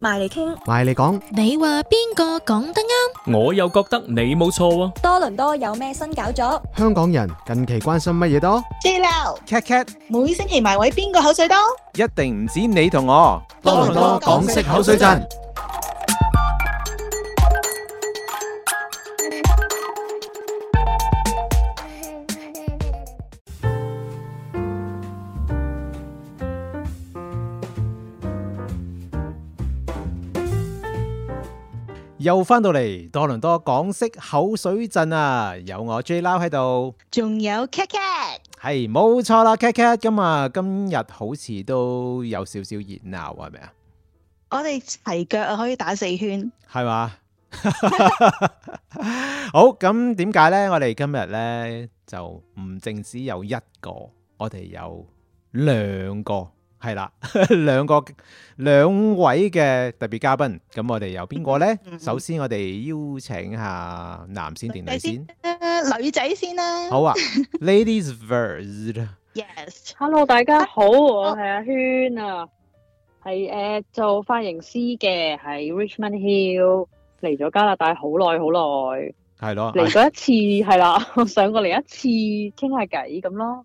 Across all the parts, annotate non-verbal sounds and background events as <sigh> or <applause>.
埋嚟傾，埋嚟講，你話邊個講得啱？我又覺得你冇錯。多倫多有咩新搞作？香港人近期關心乜嘢多？JLau、Kat Kat，每星期埋位邊個口水多？一定唔止你同我。多倫多港式口水陣。又翻到嚟多倫多港式口水鎮啊，有我 J 撈喺度，仲有 K K，係冇錯啦，K K 今日今日好似都有少少熱鬧，係咪啊？我哋齊腳可以打四圈，係嘛？好，咁，點解呢？我哋今日呢，就唔淨止有一個，我哋有兩個。係啦，兩個兩位嘅特別嘉賓，咁我哋有邊個咧？嗯、首先我哋邀請下男先定女先？女仔先啦、啊。好啊 <laughs> ，Ladies first，Yes，Hello 大家好，我係阿軒啊，係誒、呃、做髮型師嘅，喺 Richmond Hill 嚟咗加拿大好耐好耐，係咯嚟咗一次，係啦上過嚟一次傾下偈咁咯。聊聊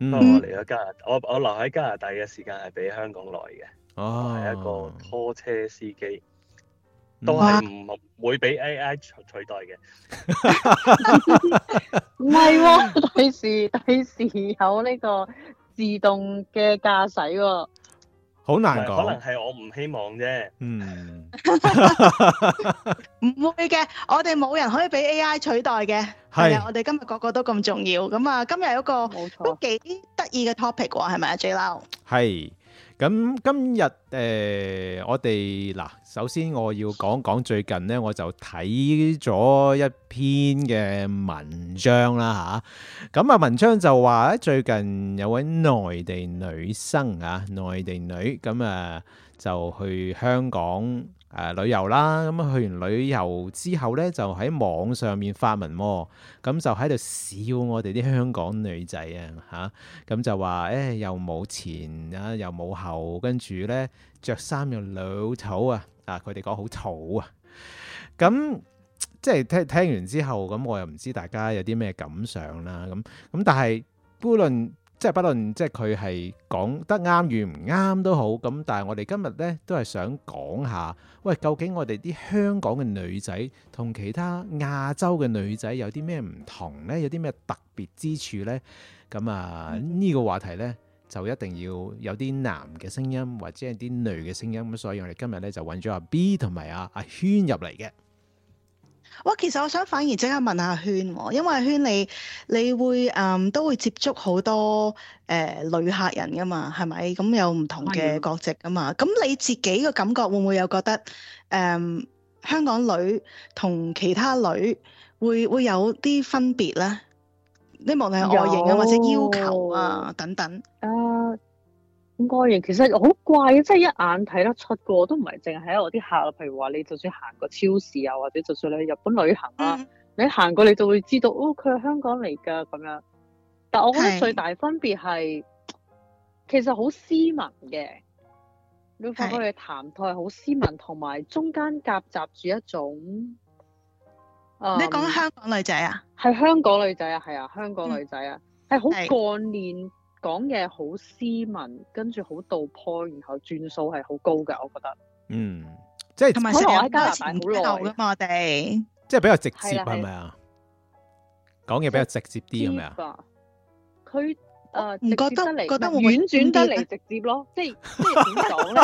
嗯、我嚟咗加拿大，我我留喺加拿大嘅時間係比香港耐嘅，啊、我係一個拖車司機，都係唔會俾 AI 取取代嘅。唔係喎，第時第時有呢個自動嘅駕駛喎、哦。好難講，可能係我唔希望啫。嗯，唔會嘅，我哋冇人可以俾 AI 取代嘅。係啊，我哋今日個個都咁重要，咁啊，今日有一個都幾得意嘅 topic 喎，係咪啊 J Lau？係。咁今日誒，我哋嗱，首先我要講講最近咧，我就睇咗一篇嘅文章啦嚇。咁啊，文章就話咧，最近有位內地女生啊，內地女咁啊，就去香港。誒、呃、旅遊啦，咁去完旅遊之後咧，就喺網上面發文喎、哦，咁、嗯、就喺度笑我哋啲香港女仔啊嚇，咁、啊嗯、就話誒、哎、又冇前啊，又冇後，跟住咧着衫又老土啊，啊佢哋講好土啊，咁、嗯、即係聽聽完之後，咁、嗯、我又唔知大家有啲咩感想啦。咁、嗯、咁、嗯、但係，不論。即係不論即係佢係講得啱與唔啱都好咁，但係我哋今日咧都係想講下，喂究竟我哋啲香港嘅女仔同其他亞洲嘅女仔有啲咩唔同咧？有啲咩特別之處咧？咁啊呢、嗯、個話題咧就一定要有啲男嘅聲音或者係啲女嘅聲音咁，所以我哋今日咧就揾咗阿 B 同埋阿阿萱入嚟嘅。哇，其實我想反而即刻問下圈喎，哦，因為圈你你會嗯都會接觸好多誒、呃、女客人噶嘛，係咪？咁有唔同嘅國籍啊嘛，咁的你自己嘅感覺會唔會有覺得誒、嗯、香港女同其他女會會有啲分別咧？你無論係外形啊，有或者要求啊等等。應該，其實好怪，即係一眼睇得出噶，都唔係淨係喺我啲客。譬如話你就算行過超市啊，或者就算你去日本旅行啦，啊，mm hmm. 你行過你就會知道，哦，佢係香港嚟噶咁樣。但我覺得最大分別係，是其實好斯文嘅，你發覺你嘅談吐係好斯文，同埋中間夾雜住一種，嗯、你講香港女仔啊，係香港女仔啊，係啊，香港女仔啊，係好幹練。Hmm. 講嘢好斯文，跟住好到 point，然後轉數係好高嘅，我覺得。嗯，即係同埋可能我喺加拿大好耐噶嘛，我哋。即係比較直接係咪啊？講嘢比較直接啲係咪啊？佢誒唔覺得，得覺得婉轉得嚟直接咯。 <laughs> 即係即係點講咧？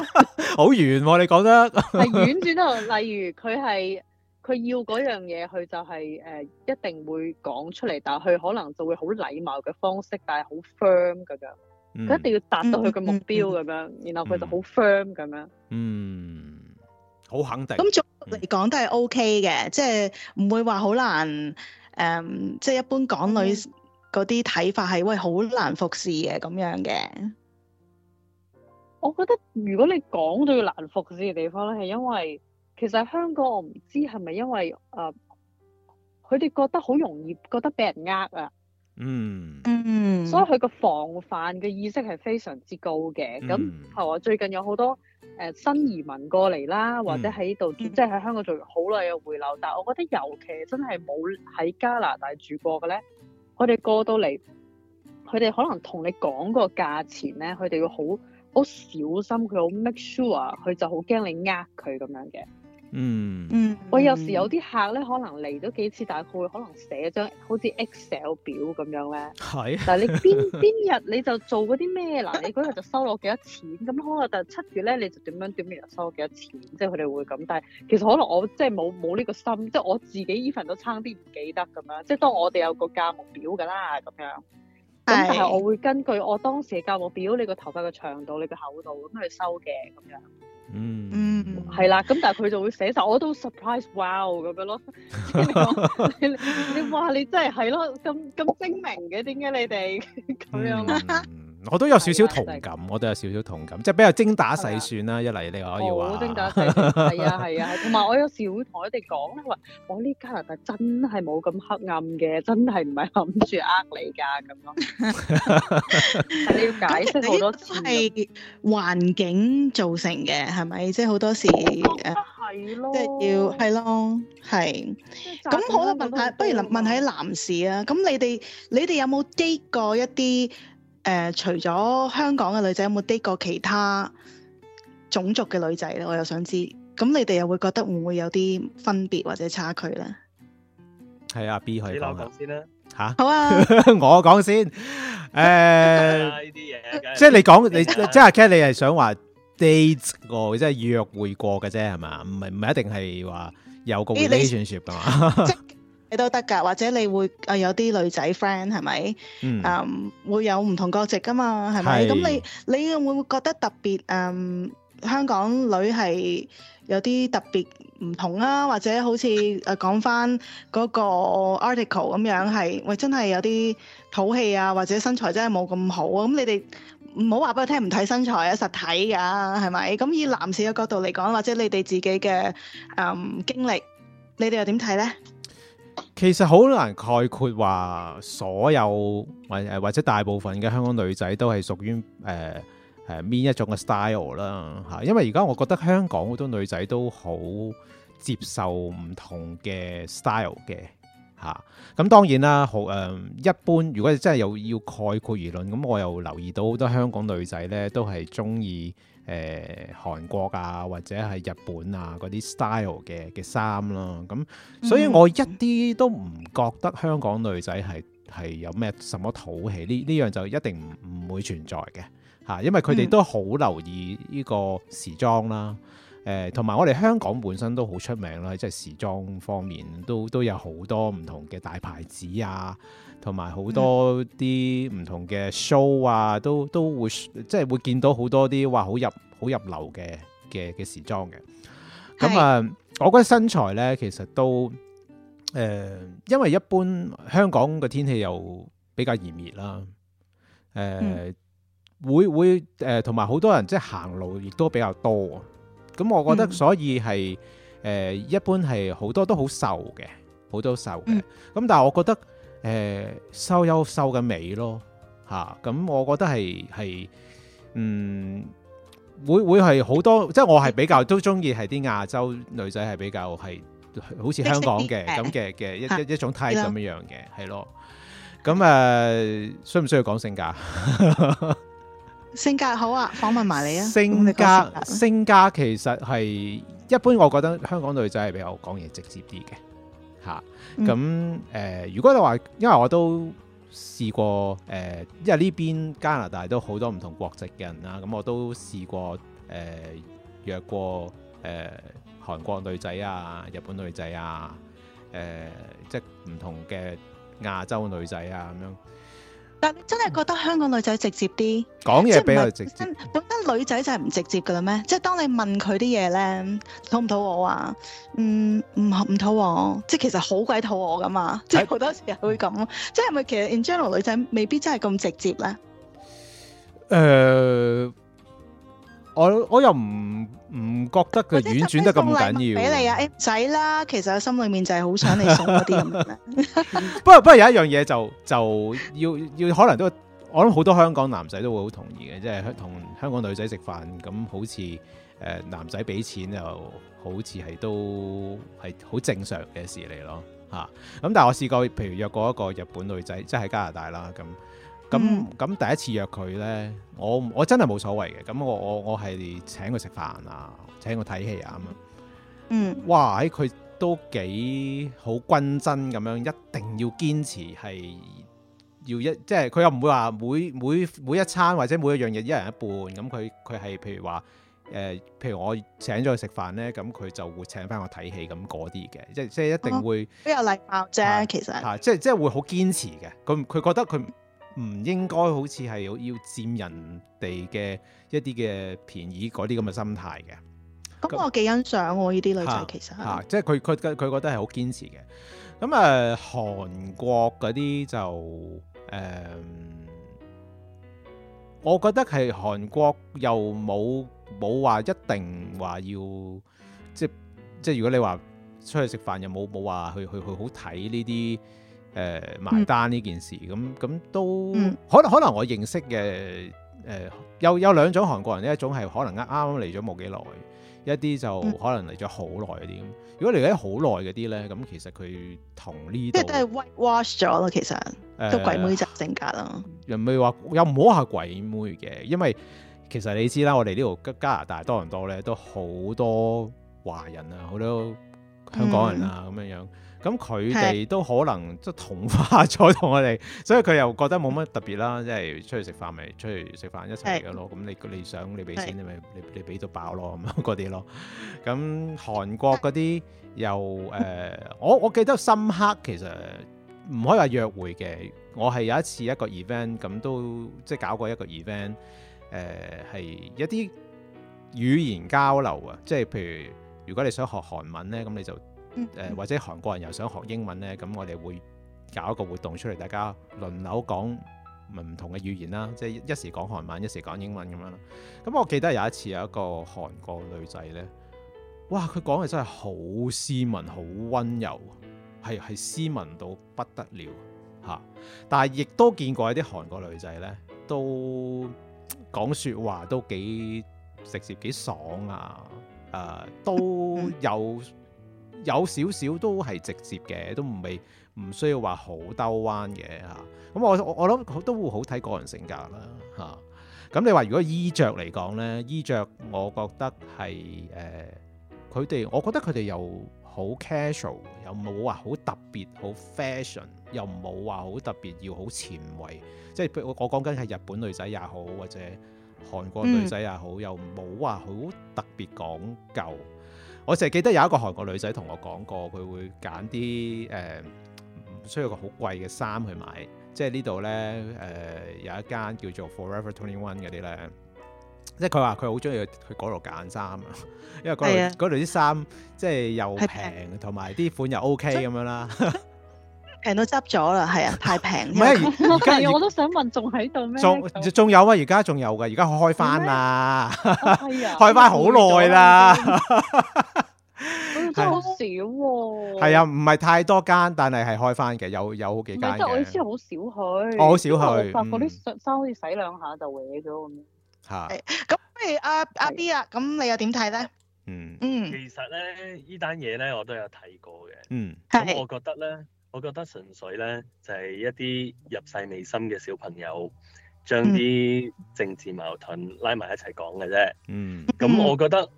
好圓、 <laughs> 啊、你講得係婉轉啊！例如佢係。佢要嗰樣嘢，佢就係誒一定會講出嚟，但係佢可能就會好禮貌嘅方式，但係好 firm 㗎㗎，佢一定要達到佢嘅目標咁樣，然後佢就好 firm 咁樣。嗯，好肯定。咁做嚟講都係 OK 嘅，即係唔會話好難誒，即係一般港女嗰啲睇法係，喂好難服侍嘅咁樣嘅。我覺得如果你講到要難服侍嘅地方咧，係因為。其實香港我唔知係咪因為誒，佢哋覺得好容易覺得俾人呃啊，嗯，嗯，所以佢個防範嘅意識係非常之高嘅。咁係話最近有好多誒新移民過嚟啦，或者喺度即係喺香港做好耐嘅回流，但係我覺得尤其真係冇喺加拿大住過嘅咧，佢哋過到嚟，佢哋可能同你講個價錢咧，佢哋要好好小心，佢好 make sure，佢就好驚你呃佢咁樣嘅。嗯嗯，我喂、嗯、有時有啲客咧，可能嚟咗幾次，嗯、但係佢會可能寫張好似 Excel 表咁樣咧。係是。但係你邊邊 <laughs> 日你就做嗰啲咩？嗱，你嗰日就收咗幾多錢？咁 <laughs> 可能就七月咧，你就點樣點樣又收咗幾多錢？即係佢哋會咁。但係其實可能我即係冇冇呢個心，即係我自己 even 都差啲唔記得咁樣。即係當我哋有個價目表㗎啦咁樣。咁但係我會根據我當時嘅價目表，你個頭髮嘅長度、你嘅厚度咁去收嘅咁樣。嗯，係啦，咁但係佢就會寫晒，我都 surprise，wow 咁樣咯 <laughs> 說。 <laughs> 你你你話你真係係咯，咁咁精明嘅，點解你哋咁樣？嗯 <laughs> 我都有少少同感，我都有少少同感，即係比較精打細算啦。一嚟呢個我要話，好精打細算，係啊係啊，同埋我有時會同佢哋講，我呢加拿大真係冇咁黑暗嘅，真係唔係諗住呃你噶咁樣。你要解釋好多係環境造成嘅，係咪？即係好多時誒，即係要係咯，係。咁好多問題，不如問下男士啊？咁你哋你哋有冇 date 過一啲？誒、呃，除咗香港嘅女仔，有冇 date 過其他種族嘅女仔咧？我又想知，咁你哋又會覺得會唔會有啲分別或者差距咧？係啊，B 去你講先啦，嚇、啊、好啊， <laughs> 我講先。誒、 <laughs> 呃，呢啲嘢，即係你講你， <laughs> 即係阿 Kat，你係想話 date 過，即、就、係、是、約會過嘅啫，係嘛？唔係唔係一定係話有個 relationship 㗎嘛？都得㗎，或者你會啊、呃、有啲女仔 friend 係咪？嗯，嗯，會有唔同國籍㗎嘛，係咪？咁是、嗯、你你會唔會覺得特別？嗯，香港女係有啲特別唔同啊，或者好似誒講返嗰個 article 咁樣係，喂，真係有啲土氣啊，或者身材真係冇咁好啊？咁、嗯、你哋唔好話俾我聽唔睇身材啊，實體㗎係咪？咁、嗯、以男士嘅角度嚟講，或者你哋自己嘅嗯經歷，你哋又點睇咧？其實好難概括話所有或或者大部分嘅香港女仔都係屬於誒誒面一種嘅 style 啦吓，因為而家我覺得香港好多女仔都好接受唔同嘅 style 嘅吓，咁、啊、當然啦好誒、呃、一般如果你真係有要，要概括而論，咁我又留意到好多香港女仔呢都係鍾意。誒、呃、韓國啊，或者係日本啊，嗰啲 style 嘅嘅衫咯，咁所以我一啲都唔覺得香港女仔係係有咩什麼土氣呢，呢樣就一定唔唔會存在嘅嚇、啊，因為佢哋都好留意呢個時裝啦。誒、呃，同埋我哋香港本身都好出名啦，即係時裝方面都都有好多唔同嘅大牌子啊。同埋好多啲唔同嘅 show 啊，都都會即係會見到好多啲話好入好入流嘅嘅嘅時裝嘅。咁啊是、呃，我覺得身材咧其實都誒、呃，因為一般香港嘅天氣又比較炎熱啦，誒、呃嗯、會會誒，同埋好多人即係行路亦都比較多。咁我覺得所以係誒、嗯呃、一般係好多都好瘦嘅，好多瘦嘅。咁、嗯、但係我覺得。誒、呃，修有修嘅美咯，吓、啊、咁，我覺得係係，嗯，會會係好多，即係我係比較都中意係啲亞洲女仔係比較係，好似香港嘅咁嘅嘅一一,一種態度咁樣、啊、樣嘅，係咯。咁誒、呃，需唔需要講性格？ <laughs> 性格好啊，訪問埋你啊。性格性格其實係一般，我覺得香港女仔係比較講嘢直接啲嘅。嚇，咁誒，如果你話，因為我都試過誒、呃，因為呢邊加拿大都好多唔同國籍嘅人啦，咁我都試過誒、呃、約過誒、呃、韓國女仔啊、日本女仔啊、誒、呃、即係唔同嘅亞洲女仔啊咁樣。但你真係覺得香港女仔直接啲，講嘢比較直接。本身女仔就係唔直接噶啦咩？即係當你問佢啲嘢咧，肚唔肚餓啊？嗯，唔唔肚餓，即係其實好鬼肚餓噶嘛。即係好多時候會咁咯。即係咪其實 in general 女仔未必真係咁直接咧？誒、呃。我我又唔唔覺得佢婉轉得咁緊要，俾你啊、哎、仔啦！其實我心裡面就係好想你送啲咁嘅。不過不過有一樣嘢就就要要可能都我諗好多香港男仔都會好同意嘅，即係香同香港女仔食飯咁，好似誒、呃、男仔俾錢又好似係都係好正常嘅事嚟咯嚇。咁、啊、但係我試過譬如約過一個日本女仔，即係喺加拿大啦咁。咁咁第一次約佢咧，我我真係冇所謂嘅。咁我我我係請佢食飯啊，請佢睇戲啊咁樣。嗯，哇！佢、欸、都幾好均真咁樣，一定要堅持係要一即係佢又唔會話每每每一餐或者每一樣嘢一人一半咁。佢佢係譬如話誒、呃，譬如我請咗佢食飯咧，咁佢就會請返我睇戲咁嗰啲嘅，即即係一定會比較、哦、禮貌啫。是其實嚇，即即係會好堅持嘅。咁佢覺得佢。唔應該好似係要要佔人哋嘅一啲嘅便宜，嗰啲咁嘅心態嘅。咁我幾欣賞喎呢啲女仔，其實啊，即係佢佢佢佢覺得係好堅持嘅。咁、嗯、誒，韓國嗰啲就誒、呃，我覺得係韓國又冇冇話一定話要，即即如果你話出去食飯又冇冇話去去去好睇呢啲。誒、呃、埋單呢件事咁咁都可能可能我認識嘅誒、呃、有有兩種韓國人，一種係可能啱啱嚟咗冇幾耐，一啲就可能嚟咗好耐嗰啲。嗯、如果嚟咗好耐嗰啲咧，咁其實佢同呢啲都係 white wash 咗咯，其實都鬼妹就性格咯。又唔係話又唔好係鬼妹嘅，因為其實你知啦，我哋呢度加拿大多倫多咧，都好多華人啊，好多香港人啊，咁樣、嗯、樣。咁佢哋都可能即係同化咗同我哋，所以佢又覺得冇乜特別啦，即係出去食飯咪出去食飯一齊嘅咯。咁你你想你俾錢，你咪你你俾到飽咯咁嗰啲咯。咁韓國嗰啲又誒，我我記得深刻其實唔可以話約會嘅。我係有一次一個 event 咁都即係搞過一個 event，誒、呃，係一啲語言交流啊，即係譬如如果你想學韓文咧，咁你就。誒或者韓國人又想學英文呢，咁我哋會搞一個活動出嚟，大家輪流講唔同嘅語言啦，即係一時講韓文，一時講英文咁樣咯。咁我記得有一次有一個韓國女仔呢，哇！佢講嘅真係好斯文，好溫柔，係係斯文到不得了嚇、啊。但係亦都見過一啲韓國女仔呢，都講說話都幾直接，幾爽啊！誒、啊、都有。 <laughs> 有少少都係直接嘅，都唔係，唔需要話好兜彎嘅嚇。咁、啊、我我我諗都會好睇個人性格啦嚇。咁你話如果衣着嚟講咧，衣着我覺得係誒佢哋，我覺得佢哋又好 casual，又冇話好特別，好 fashion，又冇話好特別要好前衞。即係我我講緊係日本女仔也好，或者韓國女仔也好，又冇話好特別講究。我淨係記得有一個韓國女仔同我講過，佢會揀啲誒唔需要個好貴嘅衫去買。即係呢度咧誒有一間叫做 Forever Twenty One 嗰啲咧，即係佢話佢好中意去嗰度揀衫，因為嗰度嗰度啲衫即係又平，同埋啲款又 OK 咁樣啦。平都執咗啦，係啊，太平。唔係，係我都想問，仲喺度咩？仲仲有啊！而家仲有㗎，而家開翻啦，開翻好耐啦。真係好少喎，係啊，唔係太多間，但係係開翻嘅，有有好幾間嘅。即係我意思好少去，我好少去，我發覺啲衫好似洗兩下就歪咗咁樣。吓，咁誒阿阿 B 啊，咁你又點睇咧？嗯嗯，其實咧呢單嘢咧我都有睇過嘅。嗯，咁我覺得咧，我覺得純粹咧就係一啲入世未深嘅小朋友將啲政治矛盾拉埋一齊講嘅啫。嗯，咁我覺得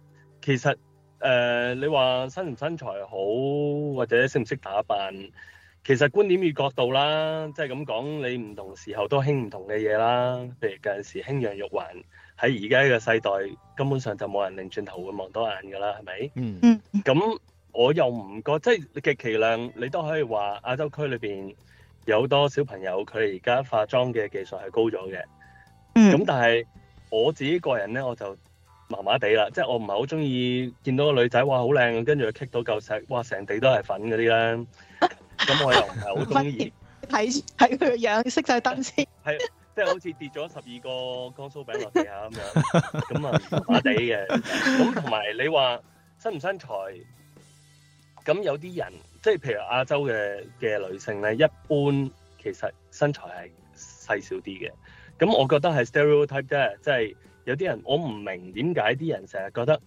其實。誒、呃，你話身唔身材好或者識唔識打扮，其實觀點與角度啦，即係咁講，你唔同時候都興唔同嘅嘢啦。譬如有陣時興楊玉環，喺而家呢個世代根本上就冇人擰轉頭會望多眼㗎啦，係咪？嗯。咁我又唔覺，即係極其量你都可以話亞洲區裏邊有好多小朋友佢而家化妝嘅技術係高咗嘅。嗯。咁但係我自己個人呢，我就～麻麻地啦，即係我唔係好中意見到個女仔，哇好靚，跟住佢 kick 到嚿石，哇成地都係粉嗰啲咧，咁我又唔係好中意。睇睇佢嘅樣，熄晒燈先。係即係好似跌咗十二個光酥餅落地下咁樣，咁啊麻麻地嘅。咁同埋你話身唔身材，咁有啲人即係譬如亞洲嘅嘅女性咧，一般其實身材係細少啲嘅。咁我覺得係 stereotype 啫，即係。有啲人我唔明點解啲人成日覺得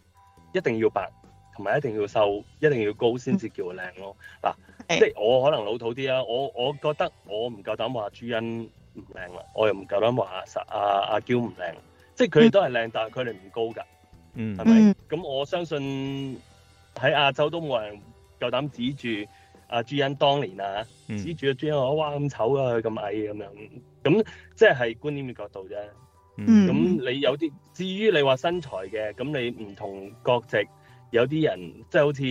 一定要白同埋一定要瘦，一定要高先至叫靚咯，啊。嗱，即係我可能老土啲啊，我我覺得我唔夠膽話朱茵唔靚啦，我又唔夠膽話阿阿阿嬌唔靚。即係佢哋都係靚，但係佢哋唔高㗎、嗯。嗯，係咪、嗯？咁、嗯、我相信喺亞洲都冇人夠膽指住阿朱茵當年啊，嗯、指住阿朱茵話哇咁醜啊，佢咁矮咁、啊、樣。咁即係觀點嘅角度啫。咁、嗯、你有啲，至於你話身材嘅，咁你唔同國籍有啲人，即係好似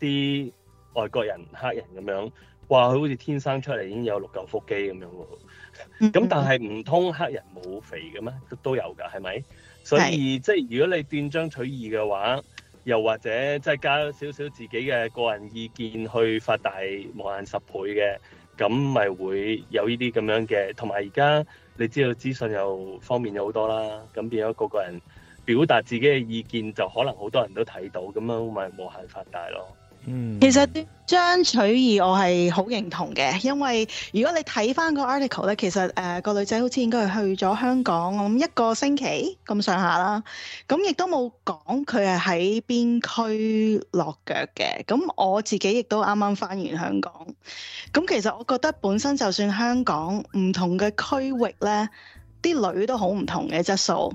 啲外國人黑人咁樣，話佢好似天生出嚟已經有六嚿腹肌咁樣喎。咁、嗯、但係唔通黑人冇肥嘅咩？都有㗎，係咪？所以是即係如果你斷章取義嘅話，又或者即係加少少自己嘅個人意見去發大無限十倍嘅，咁咪會有呢啲咁樣嘅。同埋而家。你知道資訊又方便咗好多啦，咁變咗個個人表達自己嘅意見就可能好多人都睇到，咁樣咪無限放大咯。嗯，其實張取義我係好認同嘅，因為如果你睇翻個 article 咧，其實誒個、呃、女仔好似應該係去咗香港，咁、嗯、一個星期咁上下啦，咁亦都冇講佢係喺邊區落腳嘅。咁我自己亦都啱啱翻完香港，咁其實我覺得本身就算香港唔同嘅區域咧，啲女都好唔同嘅質素，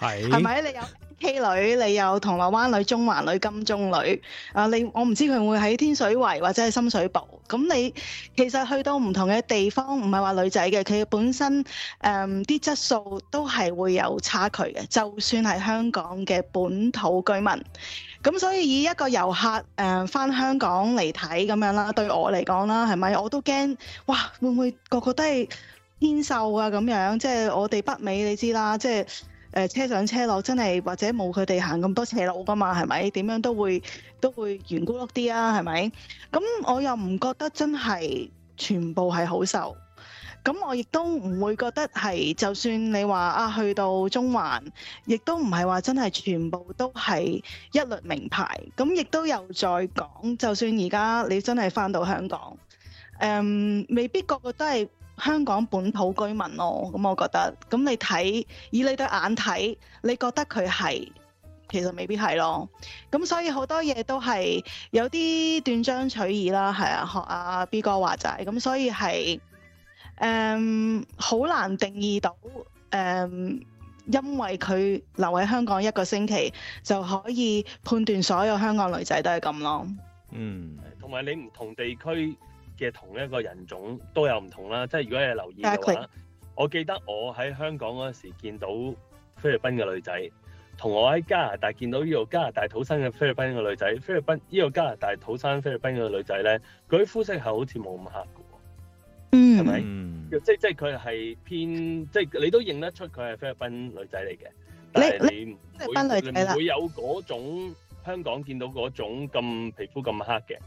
係咪是 <laughs> 你有？K 女，你有銅鑼灣女、中環女、金鐘女啊！你我唔知佢會喺天水圍或者喺深水埗。咁你其實去到唔同嘅地方，唔係話女仔嘅，佢本身誒啲、嗯、質素都係會有差距嘅。就算係香港嘅本土居民，咁所以以一個遊客誒返、嗯、香港嚟睇咁樣啦，對我嚟講啦，係咪我都驚？哇！會唔會個個都係纖瘦啊？咁樣即係、就是、我哋北美你知啦，即、就、係、是。誒車上車落真係或者冇佢哋行咁多斜路噶嘛，係咪？點樣都會都會圓咕碌啲啊，係咪？咁我又唔覺得真係全部係好瘦，咁我亦都唔會覺得係，就算你話啊去到中環，亦都唔係話真係全部都係一律名牌，咁亦都有再講，就算而家你真係返到香港，誒、嗯，未必個個都係。香港本土居民咯，咁我覺得，咁你睇以你對眼睇，你覺得佢係，其實未必係咯，咁所以好多嘢都係，有啲斷章取義啦，係啊，學阿 B 哥話齋，咁所以係誒好難定義到誒、嗯，因為佢留喺香港一個星期就可以判斷所有香港女仔都係咁咯。嗯，同埋你唔同地區嘅同一個人種都有唔同啦，即係如果你留意嘅話，我記得我喺香港嗰時見到菲律賓嘅女仔，同我喺加拿大見到呢個加拿大土生嘅菲律賓嘅女仔，菲律賓呢個加拿大土生菲律賓嘅女仔咧，佢啲膚色係好似冇咁黑嘅，嗯，係咪吧？嗯？即即係佢係偏，即係你都認得出佢係菲律賓女仔嚟嘅，你你菲律賓女仔啦，唔會有嗰種香港見到嗰種咁皮膚咁黑嘅，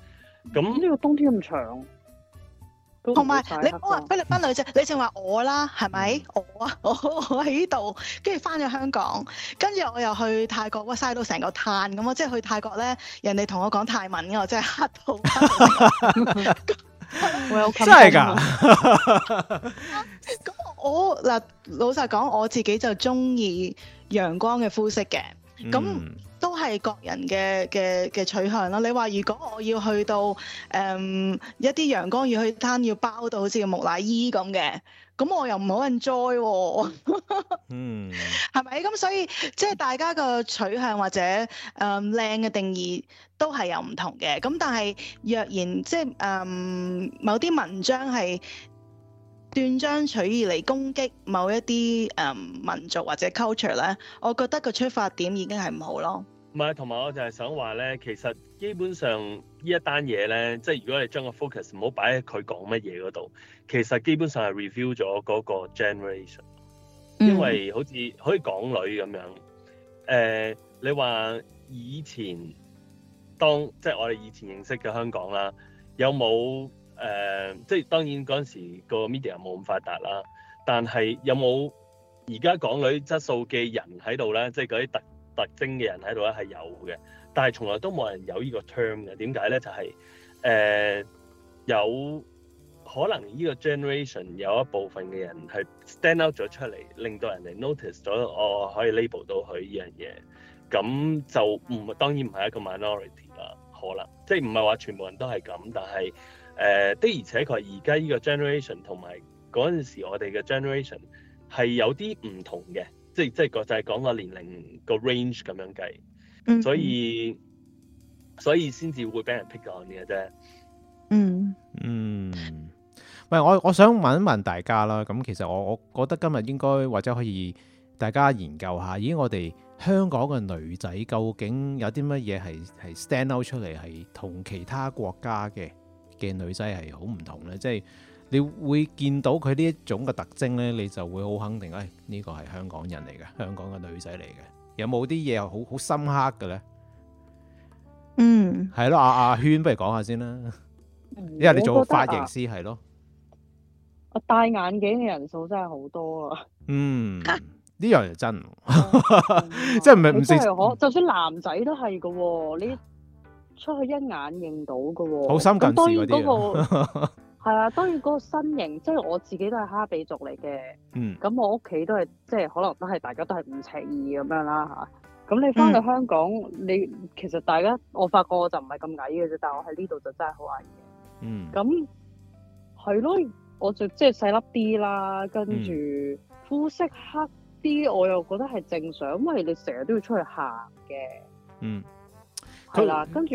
咁呢個冬天咁長。同埋你，我話菲律賓女仔，你淨話我啦，係咪我啊？我我喺呢度，跟住翻咗香港，跟住我又去泰國，哇！曬到成個炭咁啊！即係去泰國咧，人哋同我講泰文，我真係黑到，黑到，黑到。真係的㗎！咁 <laughs> <laughs> 我嗱，老實講，我自己就中意陽光嘅膚色嘅，咁、嗯。都係各人嘅、嘅、嘅取向咯。你話如果我要去到誒，嗯，一啲陽光要去灘，要包到好似木乃伊咁嘅，咁我又唔好 enjoy 喎。 <laughs> 嗯，係咪咁？所以即係大家嘅取向或者誒靚嘅定義都係有唔同嘅。咁但係若然即係誒，嗯，某啲文章係斷章取義嚟攻擊某一啲誒，嗯，民族或者 culture 咧，我覺得個出發點已經係唔好咯。唔係，同埋我就係想話咧，其實基本上呢一單嘢咧，即係如果你將個 focus 唔好擺喺佢講乜嘢嗰度，其實基本上係 review 咗嗰個 generation，因為好似可以港女咁樣，誒、呃，你話以前當即係我哋以前認識嘅香港啦，有冇誒、呃？即係當然嗰陣時個 media 冇咁發達啦，但係有冇而家港女質素嘅人喺度咧？即係嗰啲特特徵嘅人喺度咧係有嘅，但係從來都冇人有呢個 term 嘅。點解咧？就係、是、誒、呃，有可能呢個 generation 有一部分嘅人係 stand out 咗出嚟，令到人哋 notice 咗，我、哦、可以 label 到佢呢樣嘢。咁就唔當然唔係一個 minority 啦，可能即係唔係話全部人都係咁，但係誒、呃、的而且確而家呢個 generation, 個 generation 同埋嗰陣時我哋嘅 generation 係有啲唔同嘅。即係即係個就講個年齡個 range 咁樣計，所以所以先至會俾人 pick on 嘅啫。嗯嗯，喂，我我想問一問大家啦。咁其實我我覺得今日應該或者可以大家研究下，咦，我哋香港嘅女仔究竟有啲乜嘢係係 stand out 出嚟，係同其他國家嘅嘅女仔係好唔同呢？即係。你會見到佢呢一種嘅特徵咧，你就會好肯定，誒，呢個係香港人嚟嘅，香港嘅女仔嚟嘅，有冇啲嘢好好深刻嘅咧？嗯，係咯，阿阿軒，不如講下先啦，因為你做髮型師。係咯，我戴眼鏡嘅人數真係好多啊！嗯，呢樣係真，即係唔係唔識㗎，就算男仔都係噶，你出去一眼認到噶，好深近視嗰啲。係啊，當然嗰個身形，即係我自己都係哈比族嚟嘅。嗯，咁我屋企都係即係可能都係大家都係五尺二咁樣啦嚇。咁、啊、你翻到香港，嗯、你其實大家我發覺我就唔係咁矮嘅啫，但係我喺呢度就真係好矮嘅。嗯，咁係咯，我就即係細粒啲啦，跟住膚、嗯、色黑啲，我又覺得係正常，因為你成日都要出去行嘅。嗯，係啦，跟住。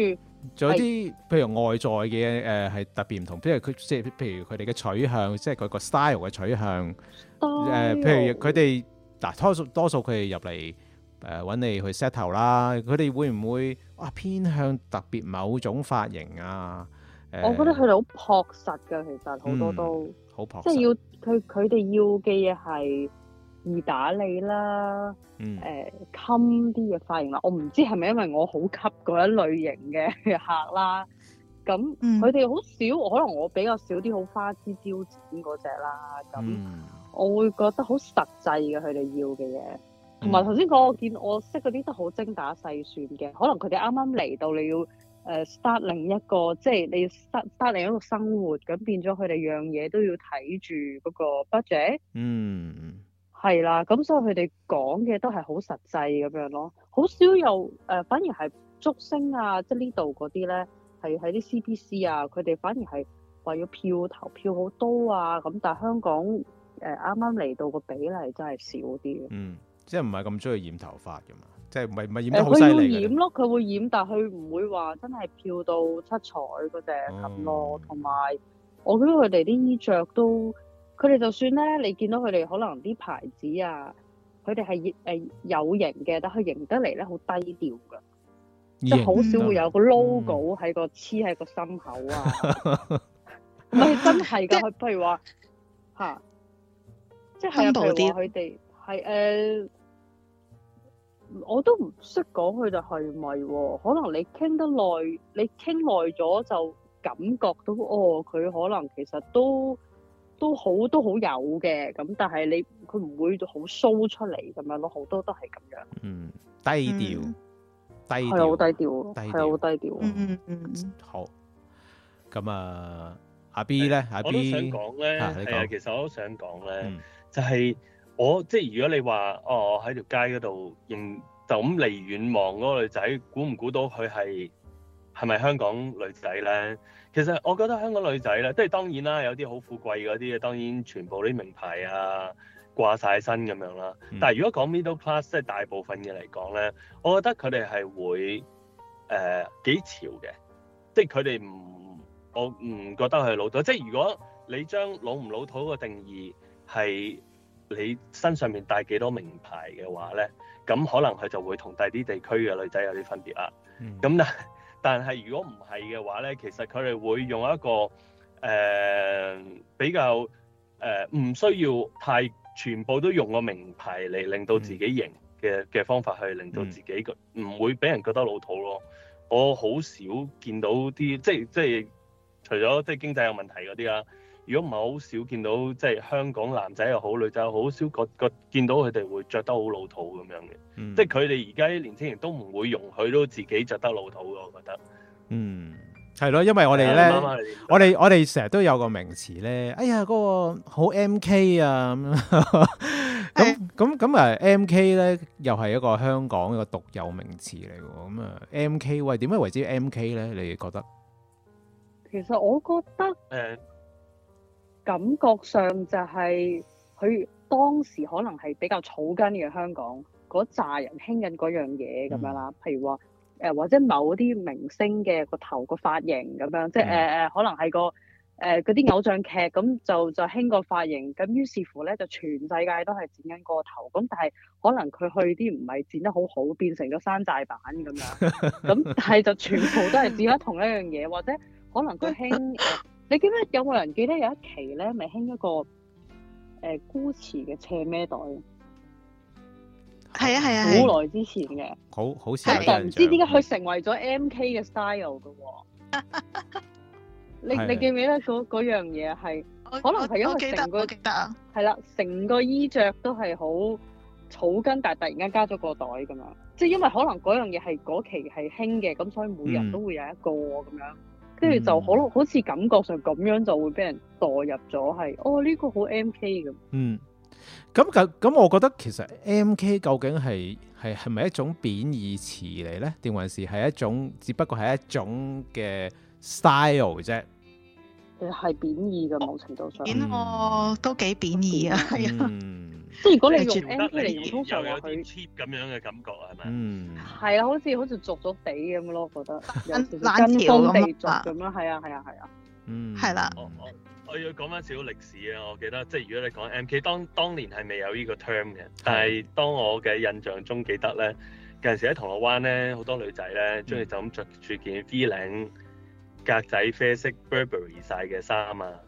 仲有啲譬如外在嘅誒係特別唔同，即係佢即係譬如佢哋嘅取向，即係佢個 style 嘅取向誒。譬如佢哋嗱多數多數佢哋入嚟誒搵你去 set 頭啦，佢哋會唔會啊偏向特別某種髮型啊？誒，我覺得佢哋好樸實㗎，其實好多都好樸，即係要佢佢哋要嘅嘢係，易打理啦，誒襟啲嘅髮型啦，我唔知係咪因為我好吸嗰一類型嘅客啦，咁佢哋好少，可能我比較少啲好花枝招展嗰隻啦，咁、嗯、我會覺得好實際嘅佢哋要嘅嘢，同埋頭先講，我見我識嗰啲都好精打細算嘅，可能佢哋啱啱嚟到你要誒 start 另一個，即係你要 start 另一個生活，咁變咗佢哋樣嘢都要睇住嗰個 budget，嗯。係啦，咁所以佢哋講嘅都係好實際咁樣咯，好少有誒、呃，反而係竹升啊，即係呢度嗰啲咧，係喺啲 CBC 啊，佢哋反而係為咗漂頭漂好多啊，咁但係香港誒啱啱嚟到個比例真係少啲，嗯，即係唔係咁中意染頭髮㗎嘛？即係唔係唔係染得好犀利？佢要、呃、染咯，佢會染，但係佢唔會話真係漂到七彩嗰隻咁咯。同埋、哦、我覺得佢哋啲衣着都。佢哋就算咧，你見到佢哋可能啲牌子啊，佢哋係誒有型嘅，但係型得嚟咧，好低調噶，的即係好少會有個 logo 喺、嗯、個黐喺個心口啊。唔係 <laughs> <laughs> 真係㗎，佢譬如話嚇、 <laughs> 啊，即係譬如話佢哋係誒，我都唔識講佢就係咪喎？可能你傾得耐，你傾耐咗就感覺到哦，佢可能其實都。都好都好有嘅，咁但係你佢唔會好 show 出嚟咁樣咯，好多都係咁樣。嗯，低調，嗯、低調，係好低調喎，係好低調。嗯嗯好。咁啊，阿 B 咧，阿 B，我都想講咧，係、啊啊、其實我都想講咧、嗯，就係我即係如果你話哦，喺條街嗰度認就咁離遠望嗰個女仔，估唔估到佢係係咪香港女仔咧？其實我覺得香港女仔咧，即係當然啦，有啲好富貴嗰啲嘅，當然全部啲名牌啊掛晒身咁樣啦。嗯、但係如果講 middle class，即係大部分嘅嚟講咧，我覺得佢哋係會誒、呃、幾潮嘅，即係佢哋唔，我唔覺得佢老土。即係如果你將老唔老土個定義係你身上面帶幾多名牌嘅話咧，咁可能佢就會同第啲地區嘅女仔有啲分別啦。咁但係。但係如果唔係嘅話咧，其實佢哋會用一個誒、呃、比較誒唔、呃、需要太全部都用個名牌嚟令到自己型嘅嘅方法，去令到自己唔會俾人覺得老土咯。我好少見到啲即係即係除咗即係經濟有問題嗰啲啦，如果唔係好少見到，即係香港男仔又好女仔又好少個個見到佢哋會着得好老土咁樣嘅，嗯、即係佢哋而家啲年青人都唔會容許到自己着得老土嘅，我覺得。嗯，係咯，因為我哋咧、嗯，我哋我哋成日都有個名詞咧，哎呀嗰、嗰個好 M K 啊咁，咁咁咁啊 M K 咧又係一個香港一個獨有名詞嚟喎，咁啊 M K 喂，點解為之 M K 咧？你覺得？其實我覺得誒、嗯。感覺上就係佢當時可能係比較草根嘅香港嗰扎人興緊嗰樣嘢咁樣啦，嗯、譬如話誒、呃、或者某啲明星嘅個頭個髮，髮型咁樣，即係誒誒可能係個誒嗰啲偶像劇咁就就興個髮型，咁於是乎咧就全世界都係剪緊個頭，咁但係可能佢去啲唔係剪得好好，變成咗山寨版咁樣，咁 <laughs> 但係就全部都係剪咗同一樣嘢，或者可能佢興誒。 <laughs> 你記得有冇人記得有一期咧，咪興一個誒、呃、Gucci 嘅斜孭袋？係啊係啊，啊，啊好耐之前嘅，好好似唔知點解佢成為咗 MK 嘅 style 嘅喎。 <laughs> 你、啊啊、你記唔記得嗰樣嘢係？可能係因為成個記得係啦，成、啊啊、個衣着都係好草根，但係突然間加咗個袋咁樣，即係因為可能嗰樣嘢係嗰期係興嘅，咁所以每人都會有一個咁樣。嗯 <laughs> 跟住就可能好似感覺上咁樣就會俾人墮入咗係哦呢個好 MK 咁。嗯，咁咁咁，我覺得其實 MK 究竟係係係咪一種貶義詞嚟咧？定還是係一種只不過係一種嘅 style 啫？誒，係貶義嘅某程度上，貶我都幾貶義啊，係啊。即係如果你用 MK 嚟形容，通常有啲 cheap 咁樣嘅感覺係咪？嗯，係啊，好似好似俗咗啲咁咯，覺得有金裝地著咁咯，係啊，係啊，係啊，嗯，係啦我我。我要講翻少少歷史啊！我記得即係如果你講 MK，當當年係未有呢個 term 嘅，但係當我嘅印象中記得咧，有陣時喺銅鑼灣咧，好多女仔咧，鍾意 <laughs> 就咁着住件 V 領格仔啡色，色 Burberry 晒嘅衫啊。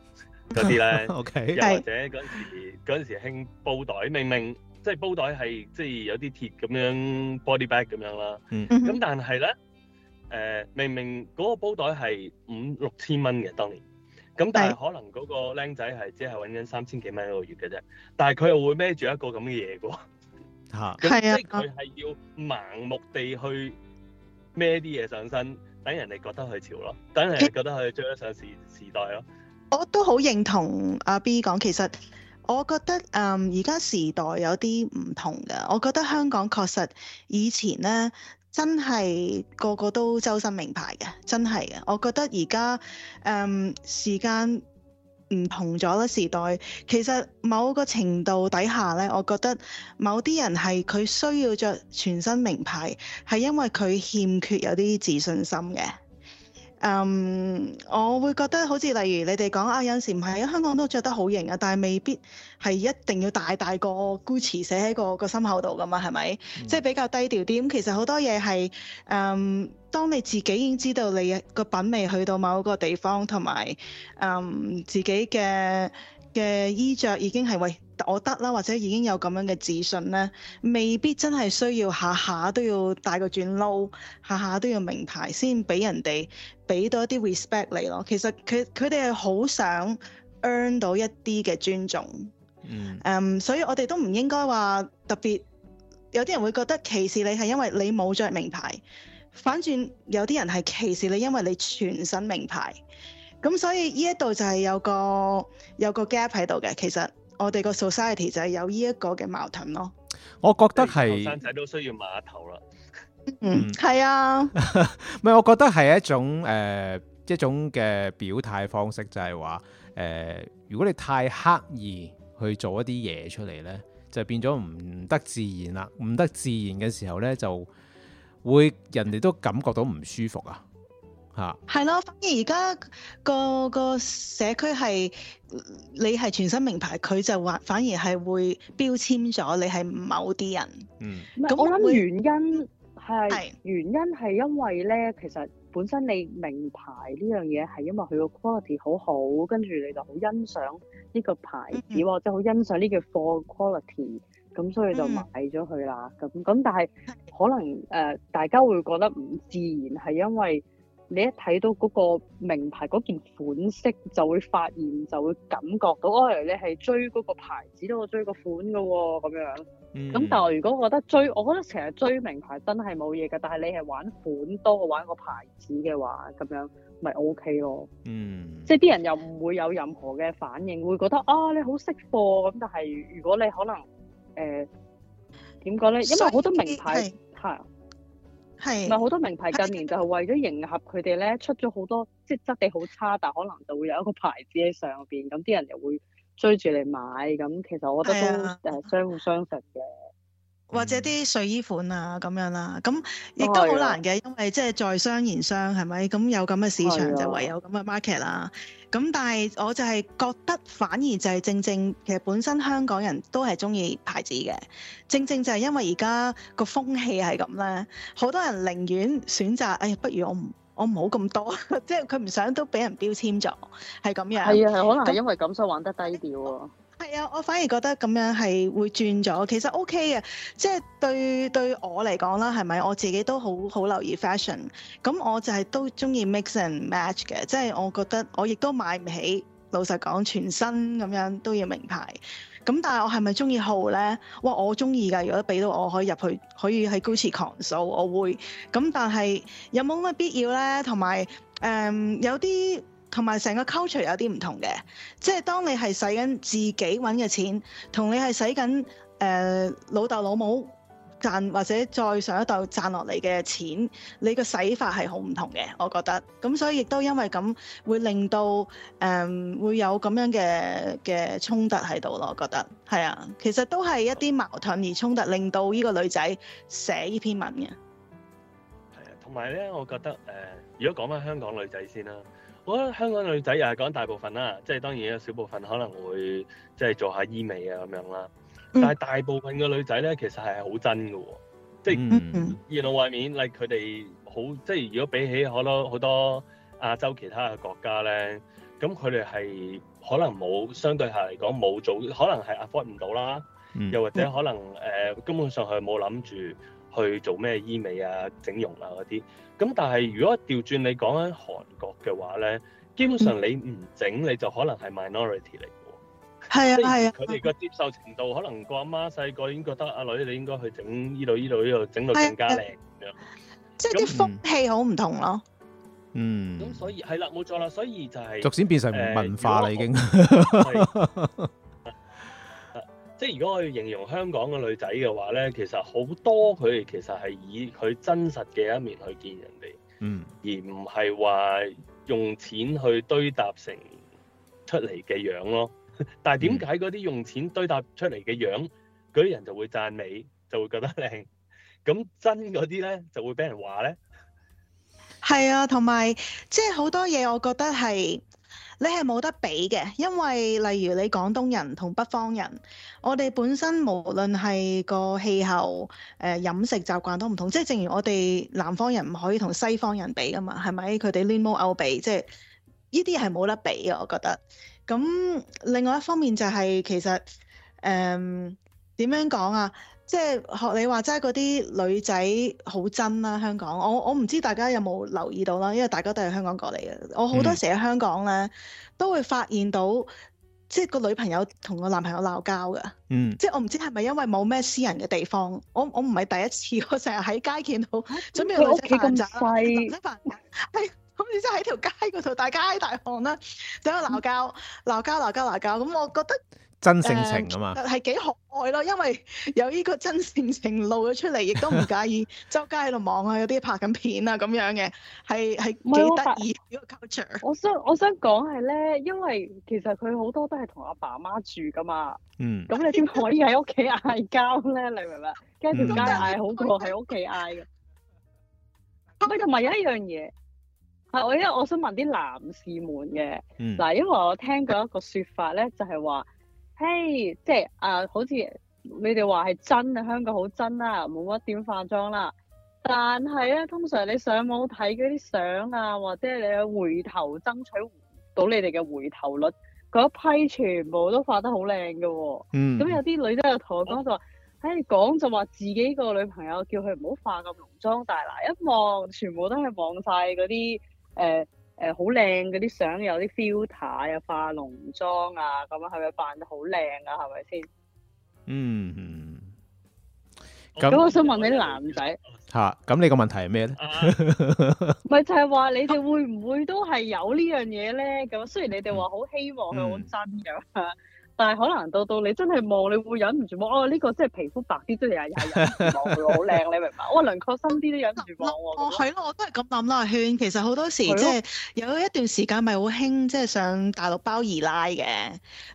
嗰啲咧，Okay，又或者嗰陣時，嗰陣時興包袋，明明即係包袋係即係有啲鐵咁樣 body bag 咁樣啦，咁但係咧，誒明明嗰個包袋係五六千蚊嘅當年，咁但係可能嗰個僆仔係只係揾緊三千幾蚊一個月嘅啫，但係佢又會孭住一個咁嘅嘢嘅喎，嚇，係啊，即係佢係要盲目地去孭啲嘢上身，等人哋覺得佢潮咯，等人哋覺得佢追得上時時代咯。我都好認同阿 B 講，其實我覺得嗯而家時代有啲唔同嘅。我覺得香港確實以前咧真係個個都周身名牌嘅，真係嘅。我覺得而家嗯時間唔同咗啦，時代其實某個程度底下咧，我覺得某啲人係佢需要着全身名牌，係因為佢欠缺有啲自信心嘅。嗯，um, 我會覺得好似例如你哋講啊，有陣時唔係香港都着得好型啊，但係未必係一定要大大個 Gucci 寫喺、嗰個、嗰個心口度噶嘛，係咪？嗯、即係比較低調啲。咁其實好多嘢係，嗯，當你自己已經知道你個品味去到某個地方，同埋嗯自己嘅。嘅衣着已經係喂，我得啦，或者已經有咁樣嘅自信咧，未必真係需要下下都要帶個轉褸，下下都要名牌先俾人哋俾多一啲 respect 你咯。其實佢佢哋係好想 earn 到一啲嘅尊重。嗯，um, 所以我哋都唔應該話特別有啲人會覺得歧視你係因為你冇著名牌，反轉有啲人係歧視你因為你全身名牌。咁所以呢一度就係有個有個 gap 喺度嘅，其實我哋個 society 就係有呢一個嘅矛盾咯。我覺得係，生仔都需要埋一頭啦。嗯，係、嗯、啊。唔係， <laughs> 我覺得係一種誒、呃、一種嘅表態方式，就係話誒，如果你太刻意去做一啲嘢出嚟咧，就變咗唔得自然啦。唔得自然嘅時候咧，就會人哋都感覺到唔舒服啊。嚇係咯，反而而家個個社區係你係全身名牌，佢就話反而係會標籤咗你係某啲人。嗯，咁我諗原因係的原因係因為咧，其實本身你名牌呢樣嘢係因為佢個 quality 好好，跟住你就好欣賞呢個牌子嗯嗯或者好欣賞呢個貨 quality，咁所以就買咗佢啦。咁咁、嗯嗯、但係可能誒、呃、大家會覺得唔自然係因為。你一睇到嗰個名牌嗰件款式，就會發現就會感覺到，我嚟咧係追嗰個牌子，多過追個款噶喎、哦，咁樣。咁、嗯、但係如果覺得追，我覺得成日追名牌真係冇嘢㗎。但係你係玩款多過玩個牌子嘅話，咁樣咪 O K 咯。嗯。即係啲人又唔會有任何嘅反應，會覺得啊你好識貨咁。但係如果你可能誒點講咧，因為好多名牌係。係，唔係好多名牌近年就係為咗迎合佢哋咧，的出咗好多即係質地好差，但可能就會有一個牌子喺上邊，咁啲人又會追住嚟買，咁其實我覺得都誒相互相成嘅。嗯、或者啲睡衣款啊，咁樣啦、啊，咁亦都好難嘅，的因為即係在商言商係咪？咁有咁嘅市場的就唯有咁嘅 market 啦。咁但係我就係覺得反而就係正正其實本身香港人都係中意牌子嘅，正正就係因為而家個風氣係咁咧，好多人寧願選擇，哎不如我唔我唔好咁多，即係佢唔想都俾人標籤咗，係咁樣。係啊，可能係因為咁所以玩得低調喎。 <laughs> 係啊，我反而覺得咁樣係會轉咗，其實 OK 嘅，即係對對我嚟講啦，係咪？我自己都好好留意 fashion，咁我就係都中意 mix and match 嘅，即係我覺得我亦都買唔起，老實講，全身咁樣都要名牌。咁但係我係咪中意豪咧？哇，我中意㗎！如果俾到我可以入去，可以喺 Gucci 狂掃，我會。咁但係有冇乜必要咧？同埋誒有啲。嗯有同埋成個 culture 有啲唔同嘅，即係當你係使緊自己揾嘅錢，同你係使緊誒老豆老母賺或者再上一代賺落嚟嘅錢，你個使法係好唔同嘅，我覺得。咁所以亦都因為咁會令到誒、呃、會有咁樣嘅嘅衝突喺度咯，我覺得係啊。其實都係一啲矛盾而衝突，令到呢個女仔寫呢篇文嘅。係啊，同埋咧，我覺得誒、呃，如果講翻香港女仔先啦。我覺得香港女仔又係講大部分啦，即係當然有少部分可能會即係做下醫美啊咁樣啦，但係大部分嘅女仔咧其實係好真㗎、哦，即係熱鬧外面，例如佢哋好即係如果比起好多好多亞洲其他嘅國家咧，咁佢哋係可能冇相對下嚟講冇做，可能係 afford 唔到啦，嗯、又或者可能誒、呃、根本上佢冇諗住。去做咩醫美啊、整容啊嗰啲，咁但係如果調轉你講緊韓國嘅話咧，基本上你唔整你就可能係 minority 嚟嘅喎，係啊係啊，佢哋個接受程度可能個阿媽細個已經覺得阿女你應該去整依度依度依度整到更加靚，即係啲風氣好唔同咯，嗯，咁所以係啦冇錯啦，所以就係逐漸變成文化啦已經。即係如果我要形容香港嘅女仔嘅話咧，其實好多佢哋其實係以佢真實嘅一面去見人哋，嗯，而唔係話用錢去堆搭成出嚟嘅樣咯。但係點解嗰啲用錢堆搭出嚟嘅樣嗰啲人就會讚美，就會覺得靚，咁真嗰啲咧就會俾人話咧？係啊，同埋即係好多嘢，我覺得係。你係冇得比嘅，因為例如你廣東人同北方人，我哋本身無論係個氣候、誒、呃、飲食習慣都唔同，即係正如我哋南方人唔可以同西方人比㗎嘛，係咪？佢哋亂毛毆比，即係呢啲係冇得比啊！我覺得。咁另外一方面就係其實誒點、呃、樣講啊？即係學你話齋，嗰啲女仔好真啦、啊，香港。我我唔知大家有冇留意到啦，因為大家都係香港過嚟嘅。我好多時喺香港咧，都會發現到、嗯、即係個女朋友同個男朋友鬧交㗎。嗯。即係我唔知係咪因為冇咩私人嘅地方。我我唔係第一次，我成日喺街見到，準備攞隻飯攤。佢屋企咁細。攤飯。喺條街嗰度，大街大巷啦，等佢鬧交、鬧交、嗯、鬧交、鬧交，咁我覺得。真性情啊嘛，係幾、嗯、可愛咯，因為有呢個真性情露咗出嚟，亦都唔介意周街喺度望啊，有啲拍緊片啊咁樣嘅，係係幾得意。幾個 culture，我想我想講係咧，因為其實佢好多都係同阿爸阿媽住噶嘛，嗯，咁你點可以喺屋企嗌交咧？你明唔明？跟住條街嗌好過喺屋企嗌嘅。唔係同埋有一樣嘢，係我因為我想問啲男士們嘅，嗱，因為我聽過一個説法咧，就係、是、話。嘿，hey, 即係啊，好似你哋話係真啊，香港好真啦，冇乜點化妝啦。但係咧，通常你上網睇嗰啲相啊，或者你去回頭爭取到你哋嘅回頭率，嗰批全部都化得好靚嘅。嗯。咁有啲女仔又同我講、嗯、就話，唉，講就話自己個女朋友叫佢唔好化咁濃妝大喇，一望全部都係望晒嗰啲誒。呃誒好靚嗰啲相有啲 filter 啊，化濃妝啊，咁樣係咪扮得好靚啊？係咪先？嗯，咁我想問你啲男仔嚇，咁、啊、你個問題係咩咧？咪、啊、 <laughs> 就係話你哋會唔會都係有呢樣嘢咧？咁雖然你哋話好希望佢好真嘅、嗯。嗯。但係可能到到你真係望，你會忍唔住望哦！呢、呢個即係皮膚白啲，真係又係忍唔住望，好靚 <laughs> 你明嘛？我、哦、輪廓深啲都忍唔住望，係咯，我都係咁諗啦，阿軒。其實好多時即係咯有一段時間咪好興，即係上大陸包二奶嘅。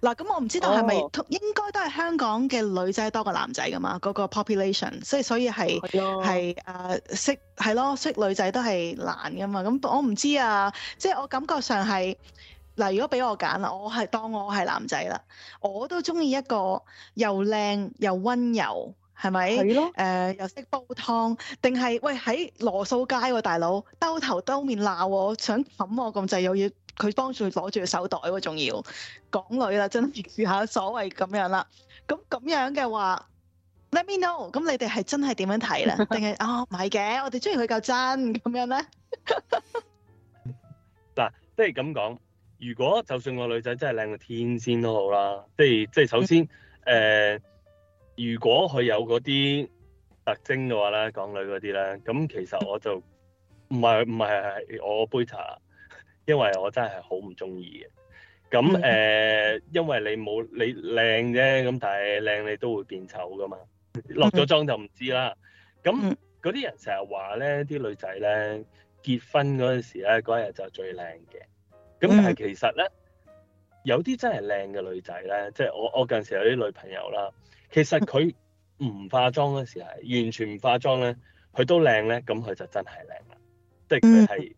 嗱，咁我唔知道係咪應該都係香港嘅女仔多過男仔噶嘛？嗰、嗰個 population，即係所以係係誒識係咯識女仔都係難噶嘛？咁我唔知啊，即係我感覺上係。嗱，如果俾我揀啦，我係當我係男仔啦，我都中意一個又靚又溫柔，係咪？係咯的。誒、呃，又識煲湯，定係喂喺羅素街個、啊，大佬兜頭兜面鬧我，想揼我咁滯又要佢幫住佢攞住個手袋喎、啊，仲要港女啦，真係住下所謂咁樣啦。咁咁樣嘅話，let me know，咁你哋係真係點樣睇啦？定係、 <laughs> 哦、 <laughs> 啊，唔係嘅，我哋中意佢夠真咁樣咧。嗱，即係咁講。如果就算個女仔真係靚過天仙都好啦，即係即係首先誒，如果佢有嗰啲特徵嘅話咧，港女嗰啲咧，咁其實我就唔係唔係我杯茶，因為我真係好唔中意嘅。咁誒，因為你冇你靚啫，咁但係靚你都會變醜㗎嘛，落咗妝就唔知啦。咁嗰啲人成日話咧，啲女仔咧，結婚嗰陣時咧嗰日就最靚嘅。咁、嗯、但係其實咧，有啲真係靚嘅女仔咧，即係我我近時有啲女朋友啦，其實佢唔化妝嗰時係 <laughs> 完全唔化妝咧，佢都靚咧，咁佢就真係靚啦，即係佢係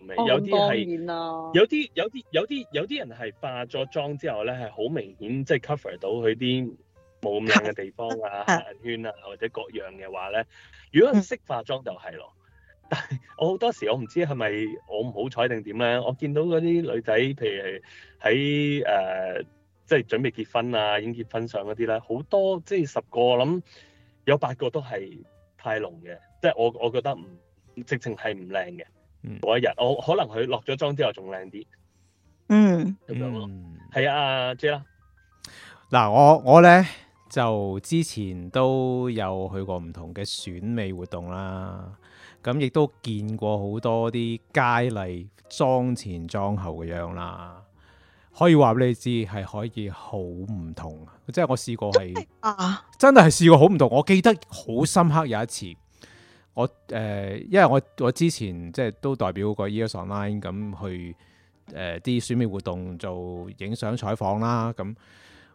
美麗。有啲係，有啲有啲有啲有啲人係化咗妝之後咧，係好明顯即係、就是、cover 到佢啲冇咁靚嘅地方啊、黑眼 <laughs> 圈啊或者各樣嘅話咧，如果識化妝就係咯。嗯 <laughs> 我好多時我唔知係咪我唔好彩定點咧？我見到嗰啲女仔，譬如喺誒、呃、即係準備結婚啊、已經結婚上嗰啲咧，好多即係十個我諗有八個都係太濃嘅，即係我我覺得唔直情係唔靚嘅。嗰、嗯、一日我可能佢落咗妝之後仲靚啲。嗯，咁樣咯。係、嗯、啊，JLau 啦。嗱，我我咧就之前都有去過唔同嘅選美活動啦。咁亦都見過好多啲佳麗妝前妝後嘅樣啦， <noise> 可以話俾你知係可以好唔同。即係我試過係啊， <noise> 真係係試過好唔同。我記得好深刻有一次，我誒、呃，因為我我之前即係都代表個 Ears Online 咁去誒啲、呃、選美活動做影相採訪啦。咁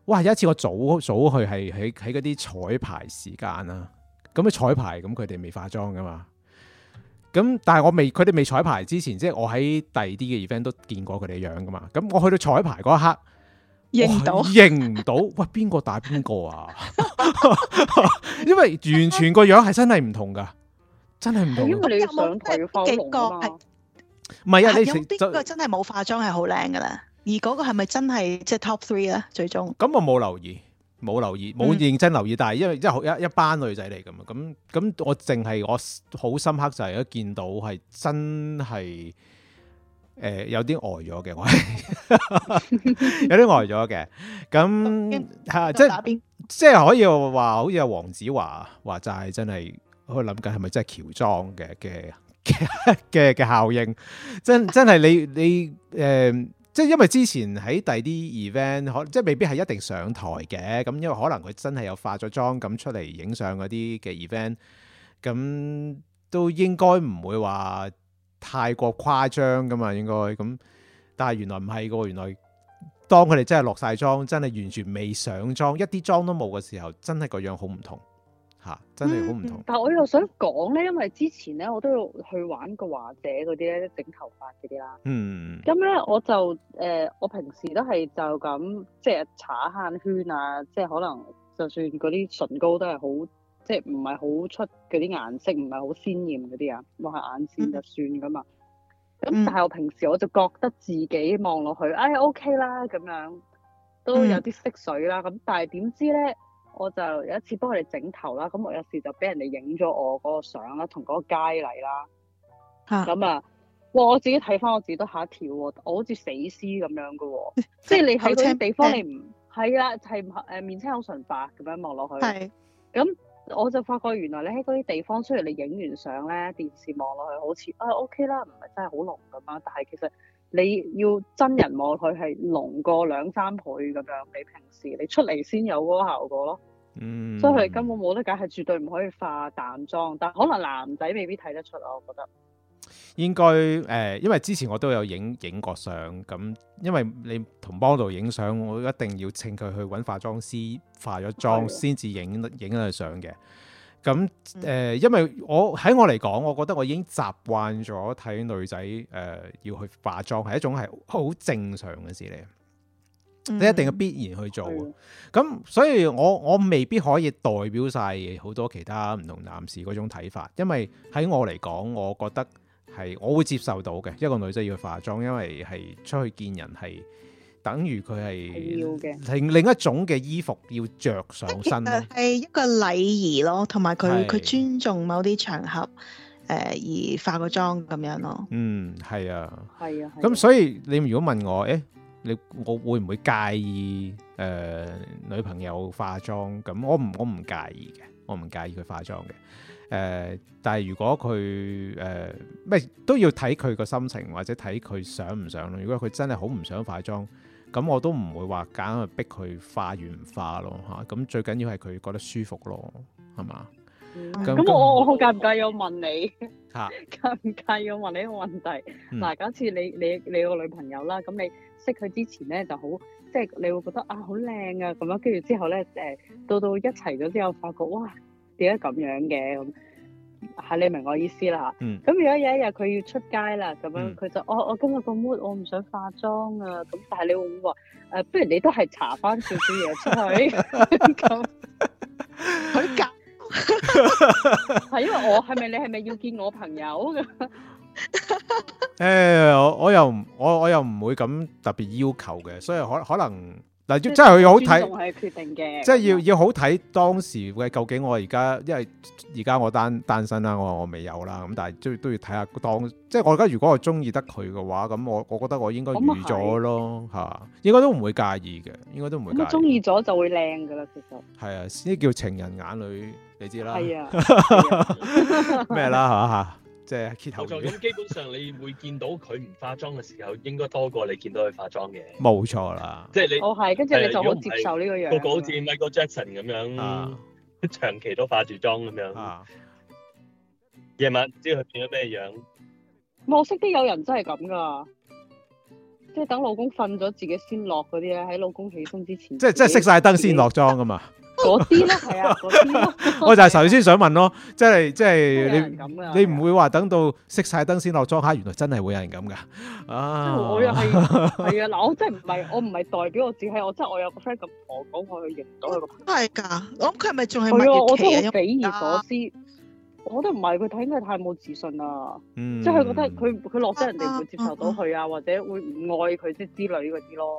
哇有一次我早早去係喺喺嗰啲彩排時間啊，咁啊彩排咁佢哋未化妝㗎嘛。咁但係我未，佢哋未彩排之前，即係我喺第二啲嘅 event 都見過佢哋樣噶嘛。咁我去到彩排嗰一刻，認到認唔到？喂，邊個打邊個啊？因為完全個樣係真係唔同噶，真係唔同。因為你要上台要化妝啦。唔係啊，有邊個真係冇化妝係好靚噶啦？而嗰個係咪真係即係 top three 咧？最終咁我冇留意。冇留意，冇認真留意，但係因為因為一一,一,一班女仔嚟㗎嘛。咁咁我淨係我好深刻就係一見到係真係誒、呃、有啲呆咗嘅，我係有啲呆咗嘅，咁吓即係即係可以話好似阿黃子華話齋，真係我諗緊係咪真係喬裝嘅嘅嘅嘅效應？真真係你你誒。呃即係因為之前喺第啲 event 可即係未必係一定上台嘅，咁因為可能佢真係有化咗妝咁出嚟影相嗰啲嘅 event，咁都應該唔會話太過誇張㗎嘛，應該咁。但係原來唔係喎，原來當佢哋真係落晒妝，真係完全未上妝，一啲妝都冇嘅時候，真係個樣好唔同。啊、真係好唔同。嗯、但係我又想講咧，因為之前咧，我都要去玩過華姐嗰啲咧，整頭髮嗰啲啦。嗯。咁咧，我就誒、呃，我平時都係就咁，即係擦下圈啊，即係可能就算嗰啲唇膏都係好，即係唔係好出嗰啲顏色，唔係好鮮豔嗰啲啊，望下眼線就算噶嘛。咁、嗯、但係我平時我就覺得自己望落去，哎，OK 啦，咁樣都有啲色水啦。咁、嗯、但係點知咧？我就有一次幫佢哋整頭啦，咁我有時就俾人哋影咗我嗰個相啦，同嗰個街嚟啦。嚇、啊！咁啊，哇！我自己睇翻我自己都嚇一跳喎，我好似死屍咁樣㗎喎。即係你喺嗰啲地方你，你唔係啊，係 <noise> 唔 <noise> 面青口唇白咁樣望落去。係是。咁我就發覺原來你喺嗰啲地方，雖然你影完相咧，電視望落去好似啊、哎、OK 啦，唔係真係好濃咁樣，但係其實。你要真人望佢係濃過兩三倍咁樣，比平時你出嚟先有嗰個效果咯。嗯，所以佢根本冇得揀，係絕對唔可以化淡妝。但可能男仔未必睇得出啊，我覺得。應該誒、呃，因為之前我都有影影過相，咁因為你同 Model 影相，我一定要請佢去揾化妝師化咗妝，先至影影嗰相嘅。咁誒、呃，因為我喺我嚟講，我覺得我已經習慣咗睇女仔誒、呃、要去化妝，係一種係好正常嘅事嚟，你、嗯、一定要必然去做。咁是所以我，我我未必可以代表晒好多其他唔同男士嗰種睇法，因為喺我嚟講，我覺得係我會接受到嘅一個女仔要去化妝，因為係出去見人係。等於佢係要嘅另另一種嘅衣服要着上身啊，係一個禮儀咯，同埋佢佢尊重某啲場合誒、呃、而化個妝咁樣咯。嗯，係啊，係啊。咁、啊、所以你如果問我誒、欸，你我會唔會介意誒、呃、女朋友化妝？咁我唔我唔介意嘅，我唔介意佢化妝嘅。誒、呃，但係如果佢誒咩都要睇佢個心情或者睇佢想唔想咯。如果佢真係好唔想化妝。咁我都唔會話揀去逼佢化完化咯嚇，咁、啊、最緊要係佢覺得舒服咯，係嘛？咁咁我我好介唔介意我問你？嚇、啊？介唔介意我問你一個問題？嗱、嗯，假設你你你個女朋友啦，咁你識佢之前咧就好，即係你會覺得啊好靚啊咁樣，跟住之後咧誒到到一齊咗之後，發覺哇點解咁樣嘅咁？係、啊、你明我意思啦嚇，咁、嗯、如果有一日佢要出街啦咁樣，佢就我、嗯哦、我今日個 mood 我唔想化妝啊，咁但係你會唔會話誒、呃？不如你都係搽翻少少嘢出去，咁佢夾係因為我係咪你係咪要見我朋友嘅？誒、 <laughs> 欸，我我又我我又唔會咁特別要求嘅，所以可可能。嗱，即係佢好睇，即係要要好睇樣當時嘅究竟，我而家因為而家我單單身啦，我話我未有啦，咁但係都要都要睇下當，即係我而家如果我中意得佢嘅話，咁我我覺得我應該預咗咯，吓、就是、應該都唔會介意嘅，應該都唔會介意。意、嗯。中意咗就會靚噶啦，其實係啊，先叫情人眼裏你知啦，啊，咩、啊、 <laughs> 啦吓？哈哈即係揭頭咁，基本上你會見到佢唔化妝嘅時候，應該多過你見到佢化妝嘅。冇錯啦，即係你。哦係，跟住你就好接受呢個樣。個個好似 Michael Jackson 咁樣，啊、長期都化住妝咁樣。啊。夜、啊、晚唔知佢變咗咩樣。唔係，都有人真係咁噶，即係等老公瞓咗，自己先落嗰啲咧，喺老公起身之前。即係即係熄晒燈先落妝㗎嘛。 <laughs> 嗰啲咯，係啊，嗰啲咯。我就係頭先想問咯，即係即係你，你唔會話等到熄晒燈先落妝吓？原來真係會有人咁㗎啊！我又係係啊，嗱，我真係唔係，我唔係代表我，只係我真係我有個 friend 咁講講，我去認到佢咁。係㗎，我諗佢係咪仲係？係啊，我真係匪夷所思。我覺得唔係，佢睇應該太冇自信啦。嗯。即係佢覺得佢佢落咗人哋會接受到佢啊，或者會唔愛佢即之類嗰啲咯。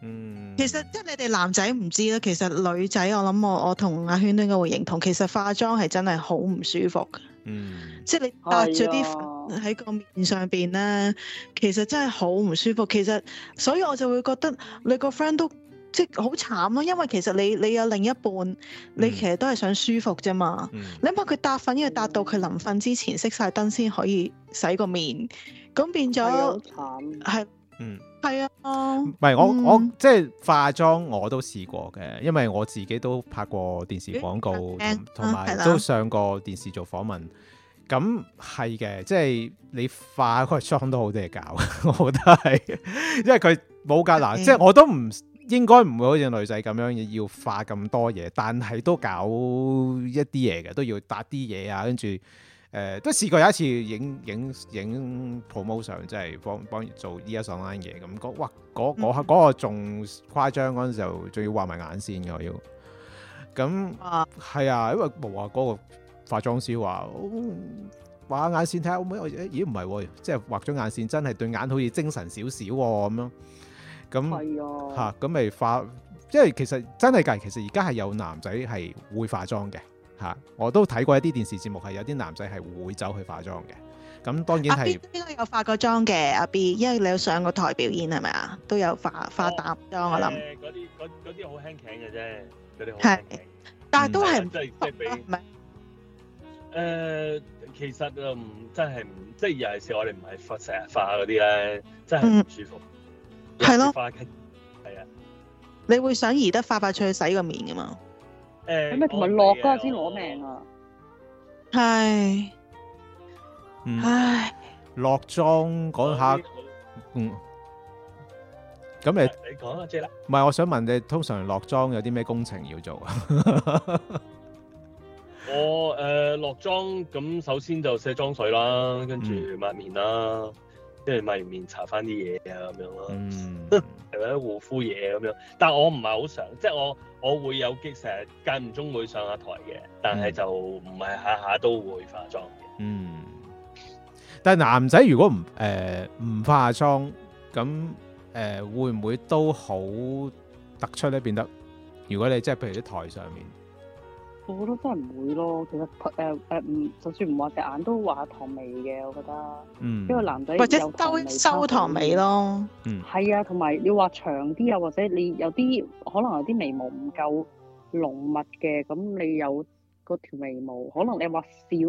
嗯，其實即係你哋男仔唔知啦，其實女仔我諗我我同阿軒都應該會認同，其實化妝係真係好唔舒服嘅。嗯，即係你搭咗啲粉喺個面上邊咧，其實真係好唔舒服。其實所以我就會覺得你個 friend 都即係好慘咯，因為其實你你有另一半，嗯、你其實都係想舒服啫嘛。嗯、你諗下，佢搭粉，因為、嗯、搭到佢臨瞓之前熄晒燈先可以洗個面，咁變咗係嗯。係啊，唔係、嗯、我我即係化妝我都試過嘅，因為我自己都拍過電視廣告，同埋都上過電視做訪問。咁係嘅，即係你化嗰個妝都好多嘢搞，我覺得係，因為佢冇隔嗱，的即係我都唔應該唔會好似女仔咁樣要化咁多嘢，但係都搞一啲嘢嘅，都要搭啲嘢啊，跟住。誒，都試過有一次影影影 promotion, 即係幫幫,幫做依一喪單嘢，咁、嗰、嗰、個，哇，嗰、嗰、嗰個仲、嗰個嗰個、誇張，嗰陣時候仲要畫埋眼線嘅，要、這個，咁、啊，係啊，因為冇啊，嗰個化妝師話、哦、畫眼線睇下可唔可以，咦，唔係喎，即係畫咗眼線真係對眼好似精神少少喎，咁樣，咁，吓、啊，咁咪化，即係其實真係噶，其實而家係有男仔係會化妝嘅。嚇！我都睇過一啲電視節目，係有啲男仔係會走去化妝嘅。咁當然係阿 B 有化過妝嘅阿 B，因為你有上過台表演係咪啊？都有化化淡妝。我諗嗰啲啲好輕輕嘅啫，嗰啲係，但係都係唔真係其實啊，唔真係唔即係尤其是，我哋唔係化成日化嗰啲咧，真係唔舒服。係咯，化肌係啊，你會想而得快快出去洗個面㗎嘛？咁咪同埋落噶先攞命啊，係，唉，落妝嗰下，嗯，咁你你講下，即係啦，唔係我想問你，通常落妝有啲咩工程要做啊？我誒落妝咁，首先就卸妝水啦，跟住抹面啦。即係抹完面搽翻啲嘢啊咁樣咯，係咪啲護膚嘢咁樣？但係我唔係好想，即係我我會有激成日間唔中會上下台嘅，但係就唔係下下都會化妝嘅。嗯。但係男仔如果唔誒唔化妝，咁誒、呃、會唔會都好突出咧？變得如果你即係譬如啲台上面。我都真係唔會咯，其實誒誒唔就算唔畫隻眼都畫下糖眉嘅，我覺得。嗯。因為男仔或者收收糖眉咯。嗯。係啊，同埋你畫長啲啊，或者你有啲可能有啲眉毛唔夠濃密嘅，咁你有嗰條眉毛，可能你畫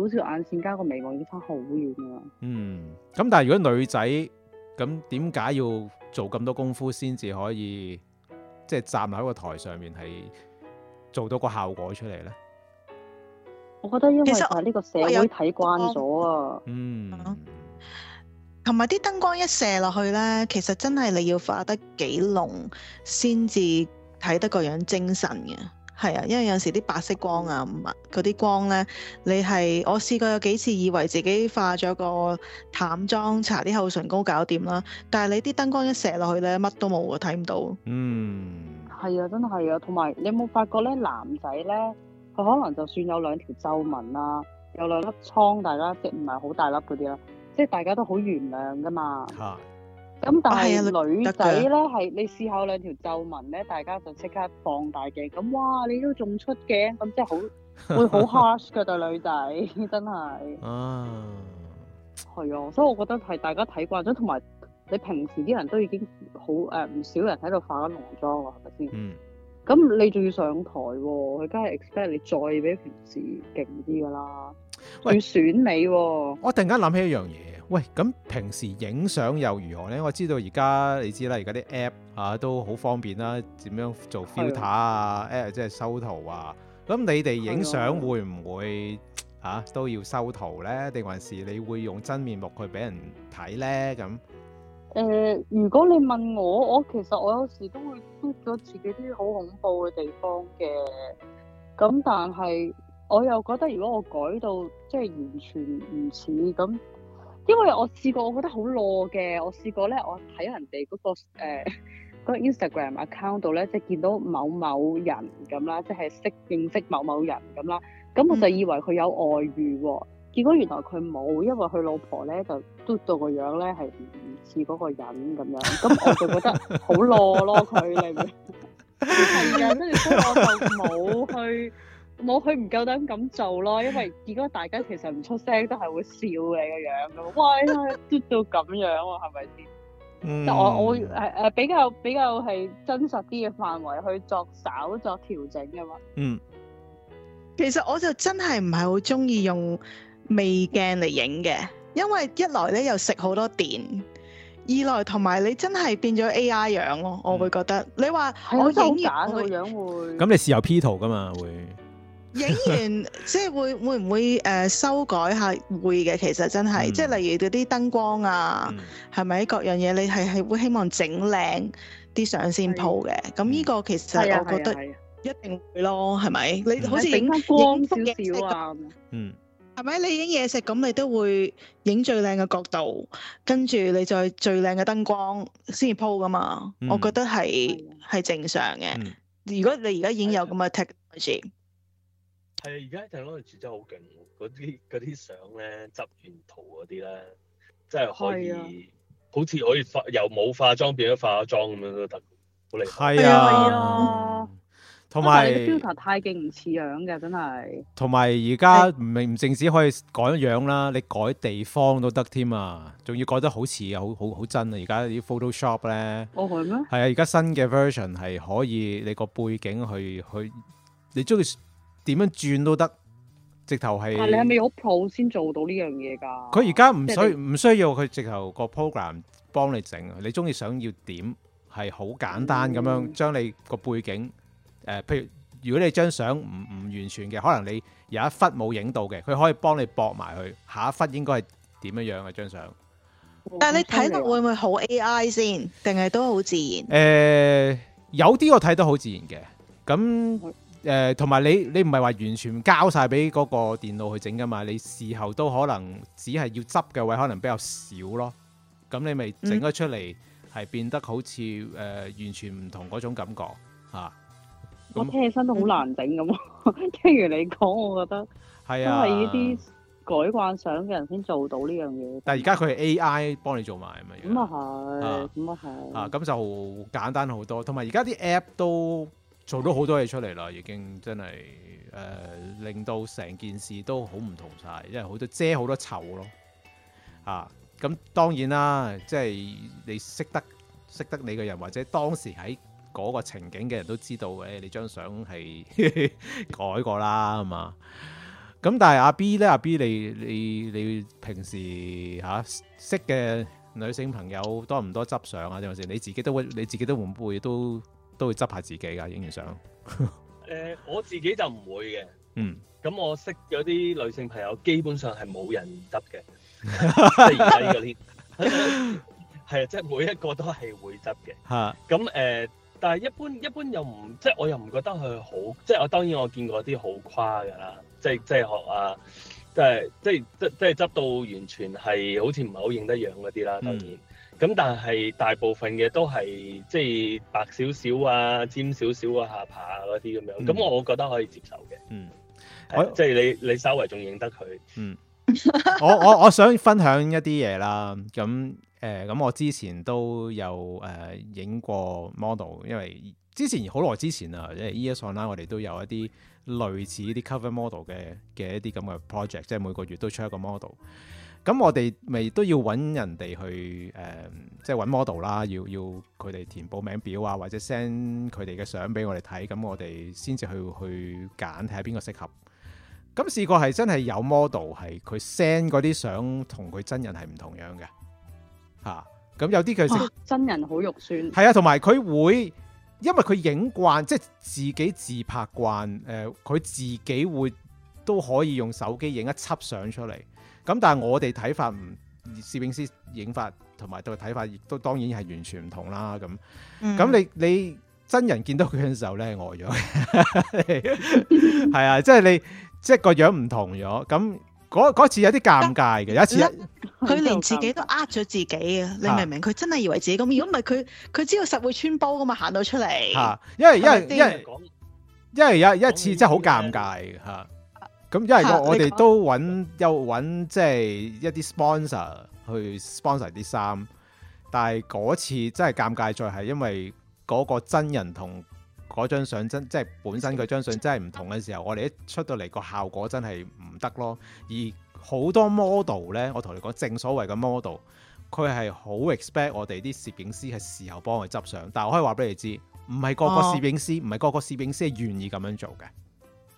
少少眼線加個眉毛已經差好遠啦。嗯。咁但係如果女仔咁點解要做咁多功夫先至可以即係、就是、站喺個台上面係做到個效果出嚟咧？我覺得因為呢個社會睇慣咗啊、嗯，嗯，同埋啲燈光一射落去咧，其實真係你要化得幾濃先至睇得個樣精神嘅，係啊，因為有時啲白色光啊、嗰啲光咧，你係我試過有幾次以為自己化咗個淡妝，搽啲厚唇膏搞掂啦，但係你啲燈光一射落去咧，乜都冇啊，睇唔到。嗯，係啊，真係啊，同埋你有冇發覺咧，男仔咧？可能就算有兩條皺紋啦，有兩粒瘡，大家即唔係好大粒嗰啲啦，即大家都好原諒噶嘛。嚇、啊！咁但係女仔咧，係是能你試下有兩條皺紋咧，大家就即刻放大鏡，咁哇你都仲出鏡，咁即係好會好 harsh 嘅對女仔，真係。 <laughs> 真的啊，係啊，所以我覺得係大家睇慣咗，同埋你平時啲人都已經好誒，唔、呃、少人喺度化緊濃妝啊，係咪先？嗯。咁你仲要上台喎、哦？佢梗係 expect 你再比平時勁啲㗎啦，喂要選美喎、哦。我突然間諗起一樣嘢，喂，咁平時影相又如何咧？我知道而家你知啦，而家啲 app 啊都好方便啦，點樣做 filter 啊的？app 即係修圖啊。咁你哋影相會唔會的啊都要修圖咧？定還是你會用真面目去俾人睇咧？咁？誒、呃，如果你問我，我其實我有時都會篩咗自己啲好恐怖嘅地方嘅，咁但係我又覺得如果我改到即係完全唔似咁，因為我試過我覺得好 low 嘅，我試過咧我睇人哋嗰、那個誒、呃那個、Instagram account 度咧，即係見到某某人咁啦，即係識認識某某人咁啦，咁我就以為佢有外遇喎、啊。嗯結果原來佢冇，因為佢老婆咧就 do 到個樣咧係唔唔似嗰個人咁樣，咁我就覺得好囉咯佢。係啊，跟住所以我就冇去冇去唔夠膽咁做咯，因為如果大家其實唔出聲都係會笑你嘅樣，喂，do 到咁樣，係咪先？即係我我會係誒比較比較係真實啲嘅範圍去作稍作調整嘅嘛。嗯，其實我就真係唔係好中意用。未驚嚟影嘅，因為一來咧又食好多電，二來同埋你真係變咗 AI 樣咯，我會覺得你話我影完個樣會咁你試下 P 圖㗎嘛會影完即係會會唔會誒修改下會嘅其實真係即係例如嗰啲燈光啊係咪各樣嘢你係係會希望整靚啲相先鋪嘅咁呢個其實我覺得一定會咯係咪你好似影光少少啊嗯。係咪你影嘢食咁你都會影最靚嘅角度，跟住你再最靚嘅燈光先至 po 㗎嘛？我覺得係係正常嘅。如果你而家已經有咁嘅 technology，係啊，而家 technology 真係好勁，嗰啲嗰啲相咧執完圖嗰啲咧，真係可以好似可以化由冇化妝變咗化咗妝咁樣都得，好厲害。係啊。同埋，你個標題太勁唔似樣嘅，真係。同埋而家唔唔淨止可以改樣啦，你改地方都得添啊，仲要改得好似好好好真啊！而家啲 Photoshop 咧，係咩、哦？係啊，而家新嘅 version 係可以你個背景去去，你中意點樣轉都得，直頭係。你係咪好 Pro 先做到呢樣嘢噶？佢而家唔需要唔需要佢直頭個 program 幫你整，你中意想要點係好簡單咁樣將、嗯、你個背景。誒，譬如如果你張相唔唔完全嘅，可能你有一忽冇影到嘅，佢可以幫你駁埋去下一忽應該係點樣樣嘅張相？但係你睇到會唔會好 AI 先，定係都好自然？誒，有啲我睇得好自然嘅，咁誒，同埋你你唔係話完全交晒俾嗰個電腦去整㗎嘛？你事後都可能只係要執嘅位，可能比較少咯。咁你咪整咗出嚟，係變得好似誒完全唔同嗰種感覺啊！我聽起身都好難頂咁，聽完你講，我覺得係啊，因為呢啲改慣相嘅人先做到呢樣嘢。但係而家佢係 AI 幫你做埋係咪？咁、就是、啊，係咁啊，係啊，咁就簡單好多。同埋而家啲 app 都做到好多嘢出嚟啦，已經真係誒、呃、令到成件事都好唔同晒，因為好多遮好多醜咯。啊，咁、啊、當然啦，即、就、係、是、你識得識得你嘅人，或者當時喺嗰個情景嘅人都知道，誒、哎，你張相係 <laughs> 改過啦，係嘛？咁但係阿 B 咧，阿 B，你你你平時嚇、啊、識嘅女性朋友多唔多執相啊？定還是你自己都會你自己都會唔會都都會執下自己嘅影完相？誒、呃，我自己就唔會嘅。嗯，咁我識有啲女性朋友，基本上係冇人執嘅。即係而家呢個貼，係啊，即係每一個都係會執嘅。嚇， <laughs> 咁、呃、誒？但係一般一般又唔即係我又唔覺得佢好即係我當然我見過啲好誇㗎啦，即係即係學啊，即係即係即係執到完全係好似唔係好認得樣嗰啲啦，當然。咁但係大部分嘅都係即係白少少啊，尖少少個下巴嗰啲咁樣，咁、嗯、我覺得可以接受嘅。嗯，uh, 即係你你稍為仲認得佢。嗯，我我我想分享一啲嘢啦，咁。誒咁、嗯，我之前都有誒影、呃、過 model，因為之前好耐之前啊，即係 Ears Online 啦，我哋都有一啲類似啲 cover model 嘅嘅一啲咁嘅 project，即係每個月都出一個 model。咁、嗯、我哋咪都要揾人哋去誒、呃，即係揾 model 啦，要要佢哋填報名表啊，或者 send 佢哋嘅相俾我哋睇，咁、嗯、我哋先至去去揀睇下邊個適合。咁、嗯、試過係真係有 model 係佢 send 嗰啲相同佢真人係唔同樣嘅。吓咁有啲佢真人好肉酸，係 <music> 啊，呃就是就是、同埋佢會，因為佢影慣，即係自己自拍慣，誒、嗯，佢自己會都可以用手機影一輯相出嚟。咁但係我哋睇法唔攝影師影法，同埋對睇法亦都當然係完全唔同啦。咁咁你你真人見到佢嘅時候咧，呆咗，係啊，即係你即係個樣唔同咗咁。嗰次有啲尷尬嘅，有它一次，佢連自己都呃咗自己啊！ <laughs> 你明唔明？佢真係以為自己咁，如果唔係佢，佢知道實會穿煲噶嘛，行到出嚟。嚇！因為因為因為有一次真係好尷尬嘅咁麼因為我哋都揾話 又揾即係一啲 sponsor 去 sponsor 啲衫，但係嗰次真係尷尬，再係因為嗰個真人同。嗰張相真即係本身佢張相真係唔同嘅時候，我哋一出到嚟個效果真係唔得咯。而好多 model 咧，我同你講正所謂嘅 model，佢係好 expect 我哋啲攝影師係時候幫佢執相。但我可以話俾你知，唔係個個攝影師，唔係個個攝影師願意咁樣做嘅。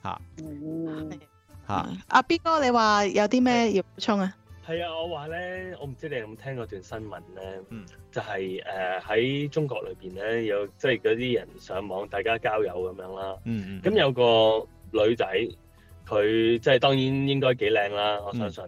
嚇、啊、嚇，阿、啊啊、B 哥，你話有啲咩要補充啊？係啊，我話咧，我唔知你有冇聽過段新聞咧，嗯、就係誒喺中國裏邊咧，有即係嗰啲人上網大家交友咁樣啦。咁、嗯嗯、有個女仔，佢即係當然應該幾靚啦，我相信。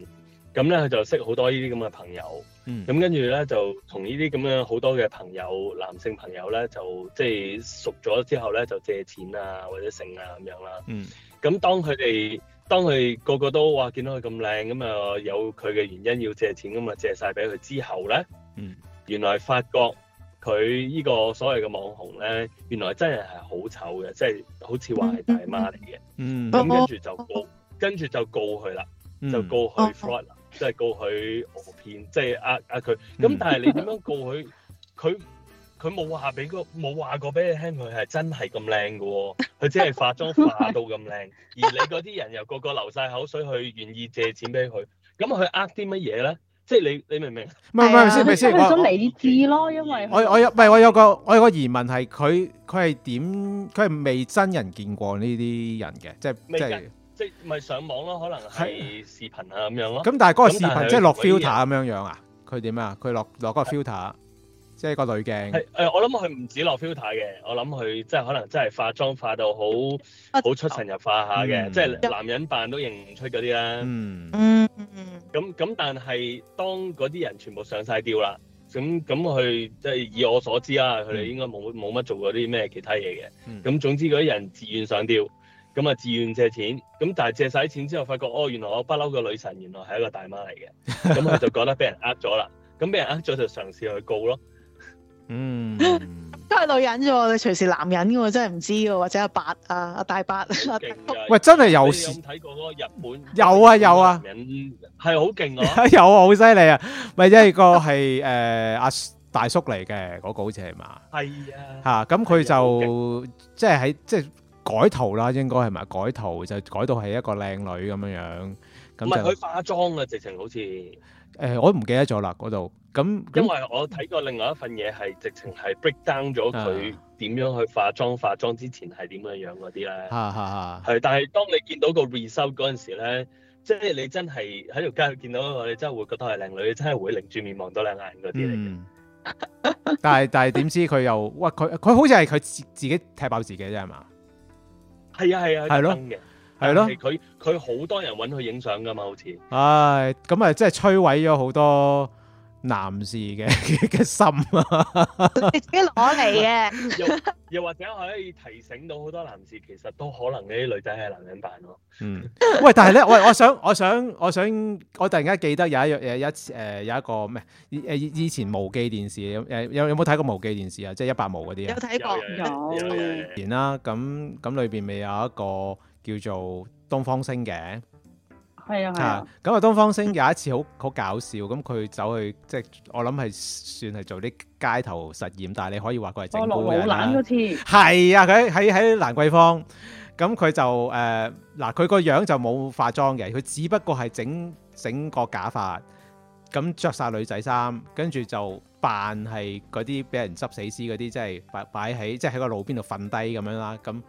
咁咧佢就識好多呢啲咁嘅朋友。咁、嗯、跟住咧就同呢啲咁樣好多嘅朋友，男性朋友咧就即係熟咗之後咧就借錢啊或者剩啊咁樣啦。咁、嗯嗯、當佢哋當佢個個都話見到佢咁靚咁啊，有佢嘅原因要借錢咁啊，就借晒俾佢之後咧，嗯、原來發覺佢呢個所謂嘅網紅咧，原來真人係、就是、好醜嘅，即係好似話係大媽嚟嘅。嗯，咁跟住就告，跟住就告佢啦、嗯 right，就是、告佢 fraud，即係告佢惡騙，即係呃呃佢。咁、就是、但係你點樣告佢？佢、嗯？ <laughs> 佢冇話俾個冇話過俾你聽，佢係真係咁靚嘅喎，佢只係化妝化到咁靚，而你嗰啲人又個個流晒口水，去願意借錢俾佢，咁佢呃啲乜嘢咧？即係你你明唔明？唔係先，先，佢想理智咯，因為我我有唔我有個我有個疑問係佢佢係點？佢係未真人見過呢啲人嘅，即係即係即係咪上網咯？可能係視頻啊咁樣咯。咁但係嗰個視頻即係落 filter 咁樣樣啊？佢點啊？佢落落嗰個 filter。即係個女鏡係誒，我諗佢唔止落 filter 嘅，我諗佢即係可能真係化妝化到好好出神入化下嘅，嗯、即係男人扮都認唔出嗰啲啦。嗯嗯嗯。咁咁，但係當嗰啲人全部上晒吊啦，咁咁佢即係以我所知啦、啊，佢哋、嗯、應該冇冇乜做過啲咩其他嘢嘅。咁、嗯、總之嗰啲人自願上吊，咁啊自願借錢，咁但係借晒錢之後發覺，哦原來我不嬲個女神原來係一個大媽嚟嘅，咁佢就覺得俾人呃咗啦，咁俾 <laughs> 人呃咗就嘗試去告咯。嗯，都係女人啫，你隨時男人噶，我真係唔知喎，或者阿伯啊，阿大伯，喂，真係有時有睇過嗰個日本，有啊有啊，係好勁啊，有啊好犀利啊，咪即係個係誒阿大叔嚟嘅嗰個好似係嘛，係啊，吓，咁佢就即係喺即係改圖啦，應該係咪？改圖就改到係一個靚女咁樣樣，咁就佢化妝啊，直情好似誒，我都唔記得咗啦嗰度。咁，那因為我睇過另外一份嘢，係直情係 break down 咗佢點樣去化妝，化妝之前係點樣樣嗰啲咧。嚇係、啊啊。但係當你見到個 result 嗰陣時咧，即係你真係喺條街度見到一個，你真係會覺得係靚女，你真係會擰住面望多兩眼嗰啲嚟嘅。但係但係點知佢又，哇！佢佢好似係佢自自己踢爆自己啫，係嘛？係啊係啊，係咯係咯，佢佢好多人揾佢影相噶嘛，好似。唉、哎，咁啊，真係摧毀咗好多，男士嘅嘅心啊，自己攞嚟嘅，又又或者可以提醒到好多男士，其實都可能呢啲女仔係男人扮囉。嗯，喂，但係咧，我我想我想我想，我突然間記得有一樣誒，一次誒有一個咩誒以以前毛記電視誒，有有冇睇過毛記電視啊？即係一百毛嗰啲啊？有睇過，有。然啦，咁咁裏邊咪有一個叫做東方星嘅。係啊，係啊。咁啊，東方星有一次好好搞笑，咁佢走去即係我諗係算係做啲街頭實驗，但係你可以話佢係整蠱嘅。攞牛腩嗰次。係啊，佢喺喺蘭桂坊，咁佢就誒嗱，佢個樣就冇化妝嘅，佢只不過係整整個假髮，咁著晒女仔衫，跟住就扮係嗰啲俾人執死屍嗰啲，即係擺擺喺即係喺個路邊度瞓低咁樣啦。咁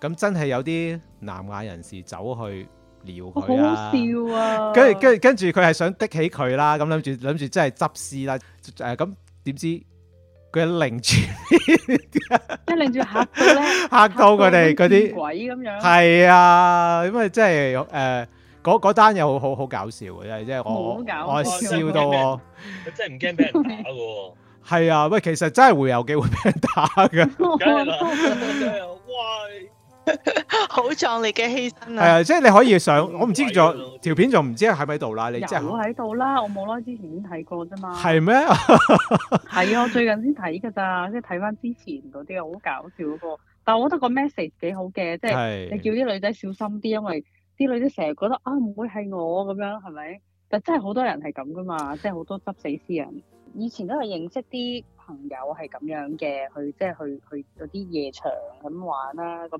咁真係有啲南亞人士走去。Silva, 好好笑啊，跟住跟住跟住佢係想的起佢啦，咁諗住諗住真係執屎啦，誒咁點知佢擰住一擰住吓到咧，吓到佢哋嗰啲鬼咁樣，係啊，咁啊即係誒嗰嗰單又好、欸、好好搞笑嘅，真係即係我我笑到我，真係唔驚俾人打嘅，係啊喂，其實真係會有機會俾人打噶，梗係啦，喂。好壯烈嘅犧牲啊！係啊，即係你可以上，我唔知仲條片仲唔知喺咪度啦。有喺度啦，我冇咯，之前已經睇過啫嘛。係咩？係啊，最近先睇噶咋，即係睇翻之前嗰啲好搞笑嗰個。但係我覺得個 message 幾好嘅，即係你叫啲女仔小心啲，因為啲女仔成日覺得啊，唔會係我咁樣，係咪？但真係好多人係咁噶嘛，即係好多執死屍人。以前都係認識啲朋友係咁樣嘅，去即係去去嗰啲夜場咁玩啦，咁。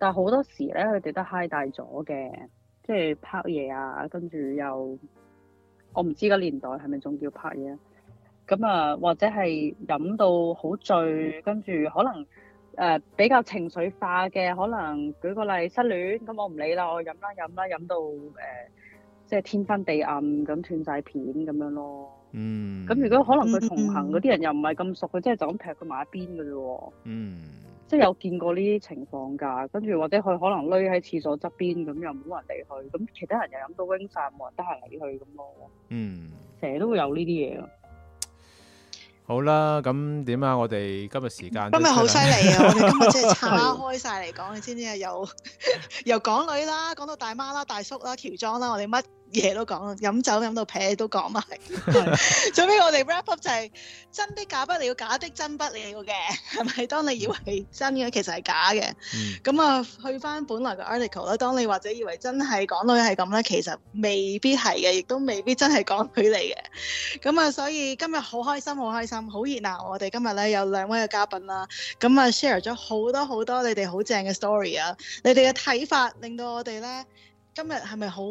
但係好多時咧，佢哋都嗨大咗嘅，即係拍嘢啊，跟住又我唔知個年代係咪仲叫拍嘢啊？咁啊，或者係飲到好醉，跟住可能誒、呃、比較情緒化嘅，可能舉個例失戀，咁我唔理啦，我飲啦飲啦，飲到誒、呃、即係天昏地暗咁斷晒片咁樣咯。嗯。咁如果可能佢同行嗰啲人又唔係咁熟，佢即係就咁劈佢埋一邊嘅啫喎。嗯。即係有見過呢啲情況㗎，跟住或者佢可能匿喺廁所側邊咁，又冇人哋去，咁其他人又飲到 wing 曬，冇人得閒嚟去咁咯。嗯，成日都會有呢啲嘢咯。好啦，咁點啊？我哋今日時間今日好犀利啊！我哋今日即係拆開曬嚟講，你知唔知啊？由由港女啦，講到大媽啦、大叔啦、喬裝啦，我哋乜～嘢都講，飲酒飲到劈都講埋。最尾 <laughs> <laughs> 我哋 wrap up 就係、是、真的假不了，假的真不了嘅，係咪？當你以為真嘅，其實係假嘅。咁啊、嗯，去翻本來嘅 article 啦。當你或者以為真係港女係咁咧，其實未必係嘅，亦都未必真係港女嚟嘅。咁啊，所以今日好開心，好開心，好熱鬧我。我哋今日咧有兩位嘅嘉賓啦，咁啊 share 咗好多好多你哋好正嘅 story 啊，你哋嘅睇法令到我哋咧今日係咪好？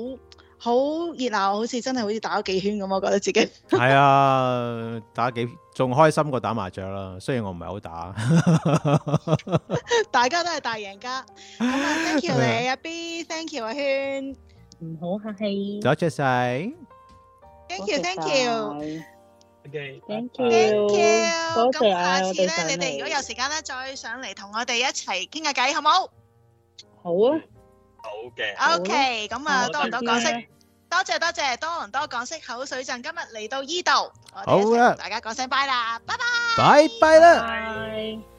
好熱鬧，好似真係好似打咗幾圈咁，我覺得自己係啊，打幾仲開心過打麻雀啦。雖然我唔係好打，大家都係大贏家。咁啊，thank you 你阿 B，thank you 阿軒，唔好客氣，多謝曬，thank you，thank you，ok，thank you，thank you。咁下次咧，你哋如果有時間咧，再上嚟同我哋一齊傾下偈，好冇？好啊。Okay, okay, 好嘅，OK，咁啊，嗯、多倫多港式，多謝多謝，多倫多港式口水陣，今日嚟到依度，好啦的，大家講聲 bye 啦，拜拜，bye bye 啦。Bye bye. Bye bye.